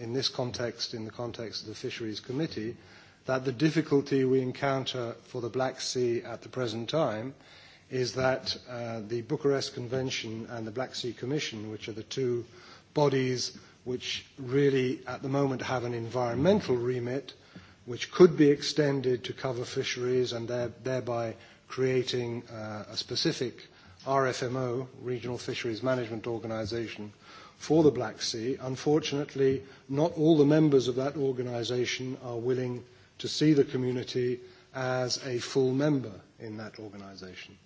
in this context, in the context of the Fisheries Committee, that the difficulty we encounter for the Black Sea at the present time is that the Bucharest Convention and the Black Sea Commission, which are the two bodies which really at the moment have an environmental remit, which could be extended to cover fisheries and thereby creating a specific RFMO, Regional Fisheries Management Organization, for the Black Sea. Unfortunately, not all the members of that organization are willing to see the community as a full member in that organization.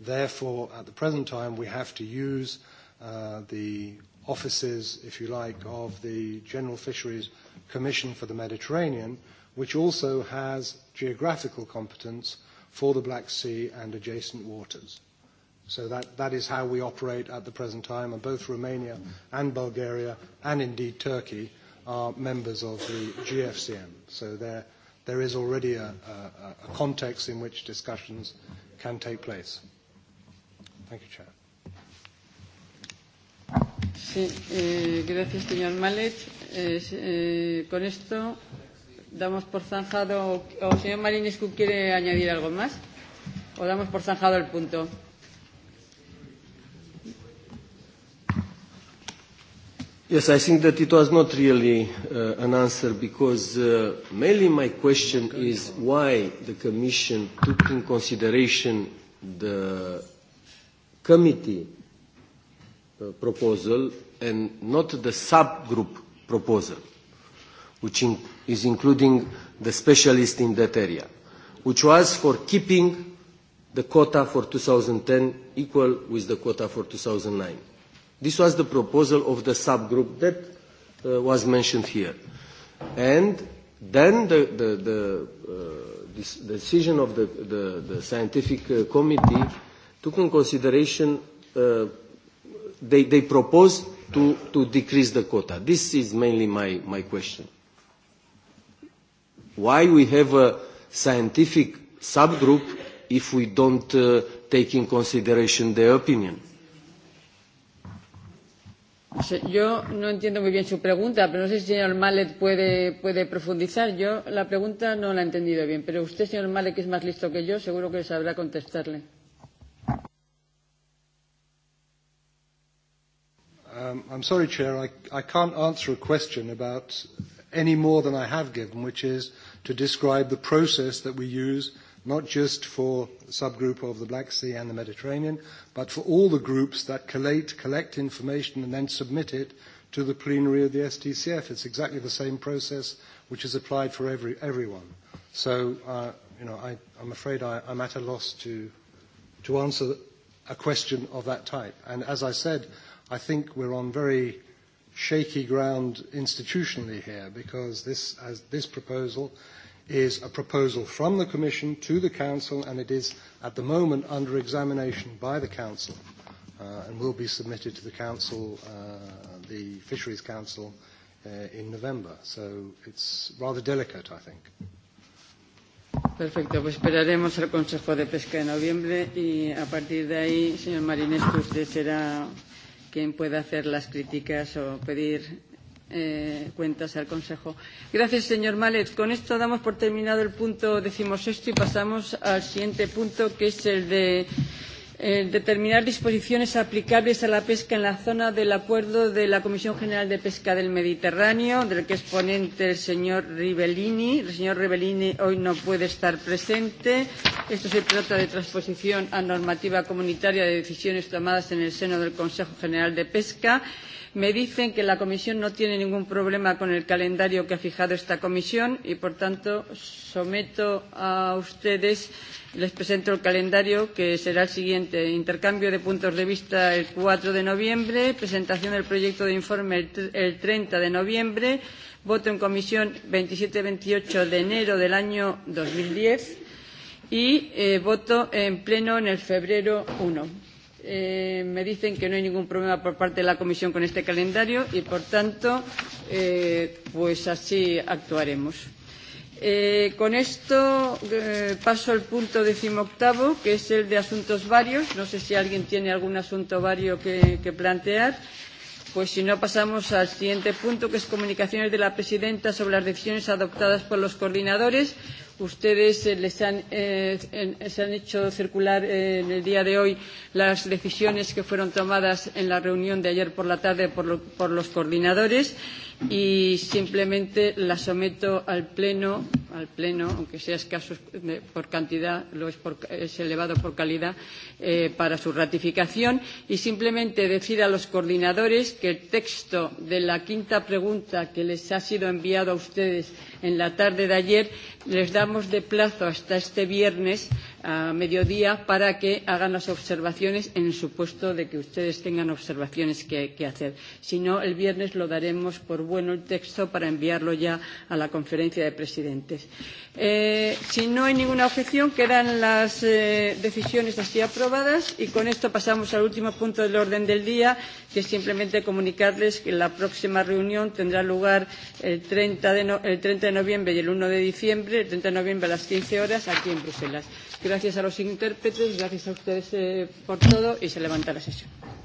Therefore, at the present time, we have to use uh, the offices, if you like, of the General Fisheries Commission for the Mediterranean which also has geographical competence for the Black Sea and adjacent waters. So that, that is how we operate at the present time, and both Romania and Bulgaria, and indeed Turkey, are members of the GFCM. So there, there is already a, a, a context in which discussions can take place. Thank you, Chair. Sí, eh, gracias, señor Mallet. Eh, eh, con esto ¿Damos por zanjado o señor Marinescu quiere añadir algo más? ¿O damos por zanjado el punto? Yes, I think that it was not really uh, an answer because uh, mainly my question is why the Commission took in consideration the committee uh, proposal and not the subgroup proposal, which in is including the specialist in that area, which was for keeping the quota for 2010 equal with the quota for 2009. This was the proposal of the subgroup that uh, was mentioned here. And then the, the, the, uh, this decision of the, the, the scientific uh, committee took in consideration, uh, they, they proposed to, to decrease the quota. This is mainly my, my question. Why we have a scientific subgroup if we don't uh, take in consideration their opinion? Yo no entiendo muy bien su pregunta, pero no sé si el señor Mallet puede, puede profundizar. Yo la pregunta no la he entendido bien, pero usted, señor Mallet, que es más listo que yo, seguro que sabrá contestarle. Um, I'm sorry, Chair, I, I can't answer a question about any more than I have given, which is to describe the process that we use, not just for the subgroup of the Black Sea and the Mediterranean, but for all the groups that collate, collect information and then submit it to the plenary of the STCF. It's exactly the same process which is applied for every, everyone. So, uh, you know, I, I'm afraid I, I'm at a loss to, to answer a question of that type. And as I said, I think we're on very shaky ground institutionally here because this, as this proposal is a proposal from the Commission to the Council and it is at the moment under examination by the Council uh, and will be submitted to the Council, uh, the Fisheries Council, uh, in November. So it's rather delicate, I think. Perfecto, pues esperaremos al Consejo de Pesca de noviembre y a partir de ahí, señor Marinescu, usted será quien pueda hacer las críticas o pedir eh, cuentas al Consejo. Gracias, señor Malet. Con esto damos por terminado el punto decimosexto y pasamos al siguiente punto, que es el de determinar disposiciones aplicables a la pesca en la zona del acuerdo de la Comisión General de Pesca del Mediterráneo, del que es ponente el señor Rivellini. El señor Rivellini hoy no puede estar presente. Esto se trata de transposición a normativa comunitaria de decisiones tomadas en el seno del Consejo General de Pesca. Me dicen que la comisión no tiene ningún problema con el calendario que ha fijado esta comisión y, por tanto, someto a ustedes, les presento el calendario que será el siguiente. Intercambio de puntos de vista el 4 de noviembre, presentación del proyecto de informe el 30 de noviembre, voto en comisión 27-28 de enero del año 2010 y eh, voto en pleno en el febrero 1 eh, me dicen que no hay ningún problema por parte de la Comisión con este calendario y, por tanto, eh, pues así actuaremos. Eh, con esto eh, paso al punto decimoctavo, que es el de asuntos varios. No sé si alguien tiene algún asunto vario que, que plantear. Pues si no, pasamos al siguiente punto, que es comunicaciones de la presidenta sobre las decisiones adoptadas por los coordinadores. Ustedes eh, les han, eh, en, se han hecho circular eh, en el día de hoy las decisiones que fueron tomadas en la reunión de ayer por la tarde por, lo, por los coordinadores y simplemente la someto al Pleno, al pleno aunque sea escaso por cantidad, lo es, por, es elevado por calidad, eh, para su ratificación y simplemente decir a los coordinadores que el texto de la quinta pregunta que les ha sido enviado a ustedes en la tarde de ayer les damos de plazo hasta este viernes a mediodía para que hagan las observaciones en el supuesto de que ustedes tengan observaciones que, que hacer. Si no, el viernes lo daremos por bueno el texto para enviarlo ya a la conferencia de presidentes. Eh, si no hay ninguna objeción, quedan las eh, decisiones así aprobadas y con esto pasamos al último punto del orden del día que simplemente comunicarles que la próxima reunión tendrá lugar el 30 de, no, el 30 de noviembre y el 1 de diciembre, el 30 de noviembre a las 15 horas aquí en Bruselas. Gracias a los intérpretes, gracias a ustedes eh, por todo y se levanta la sesión.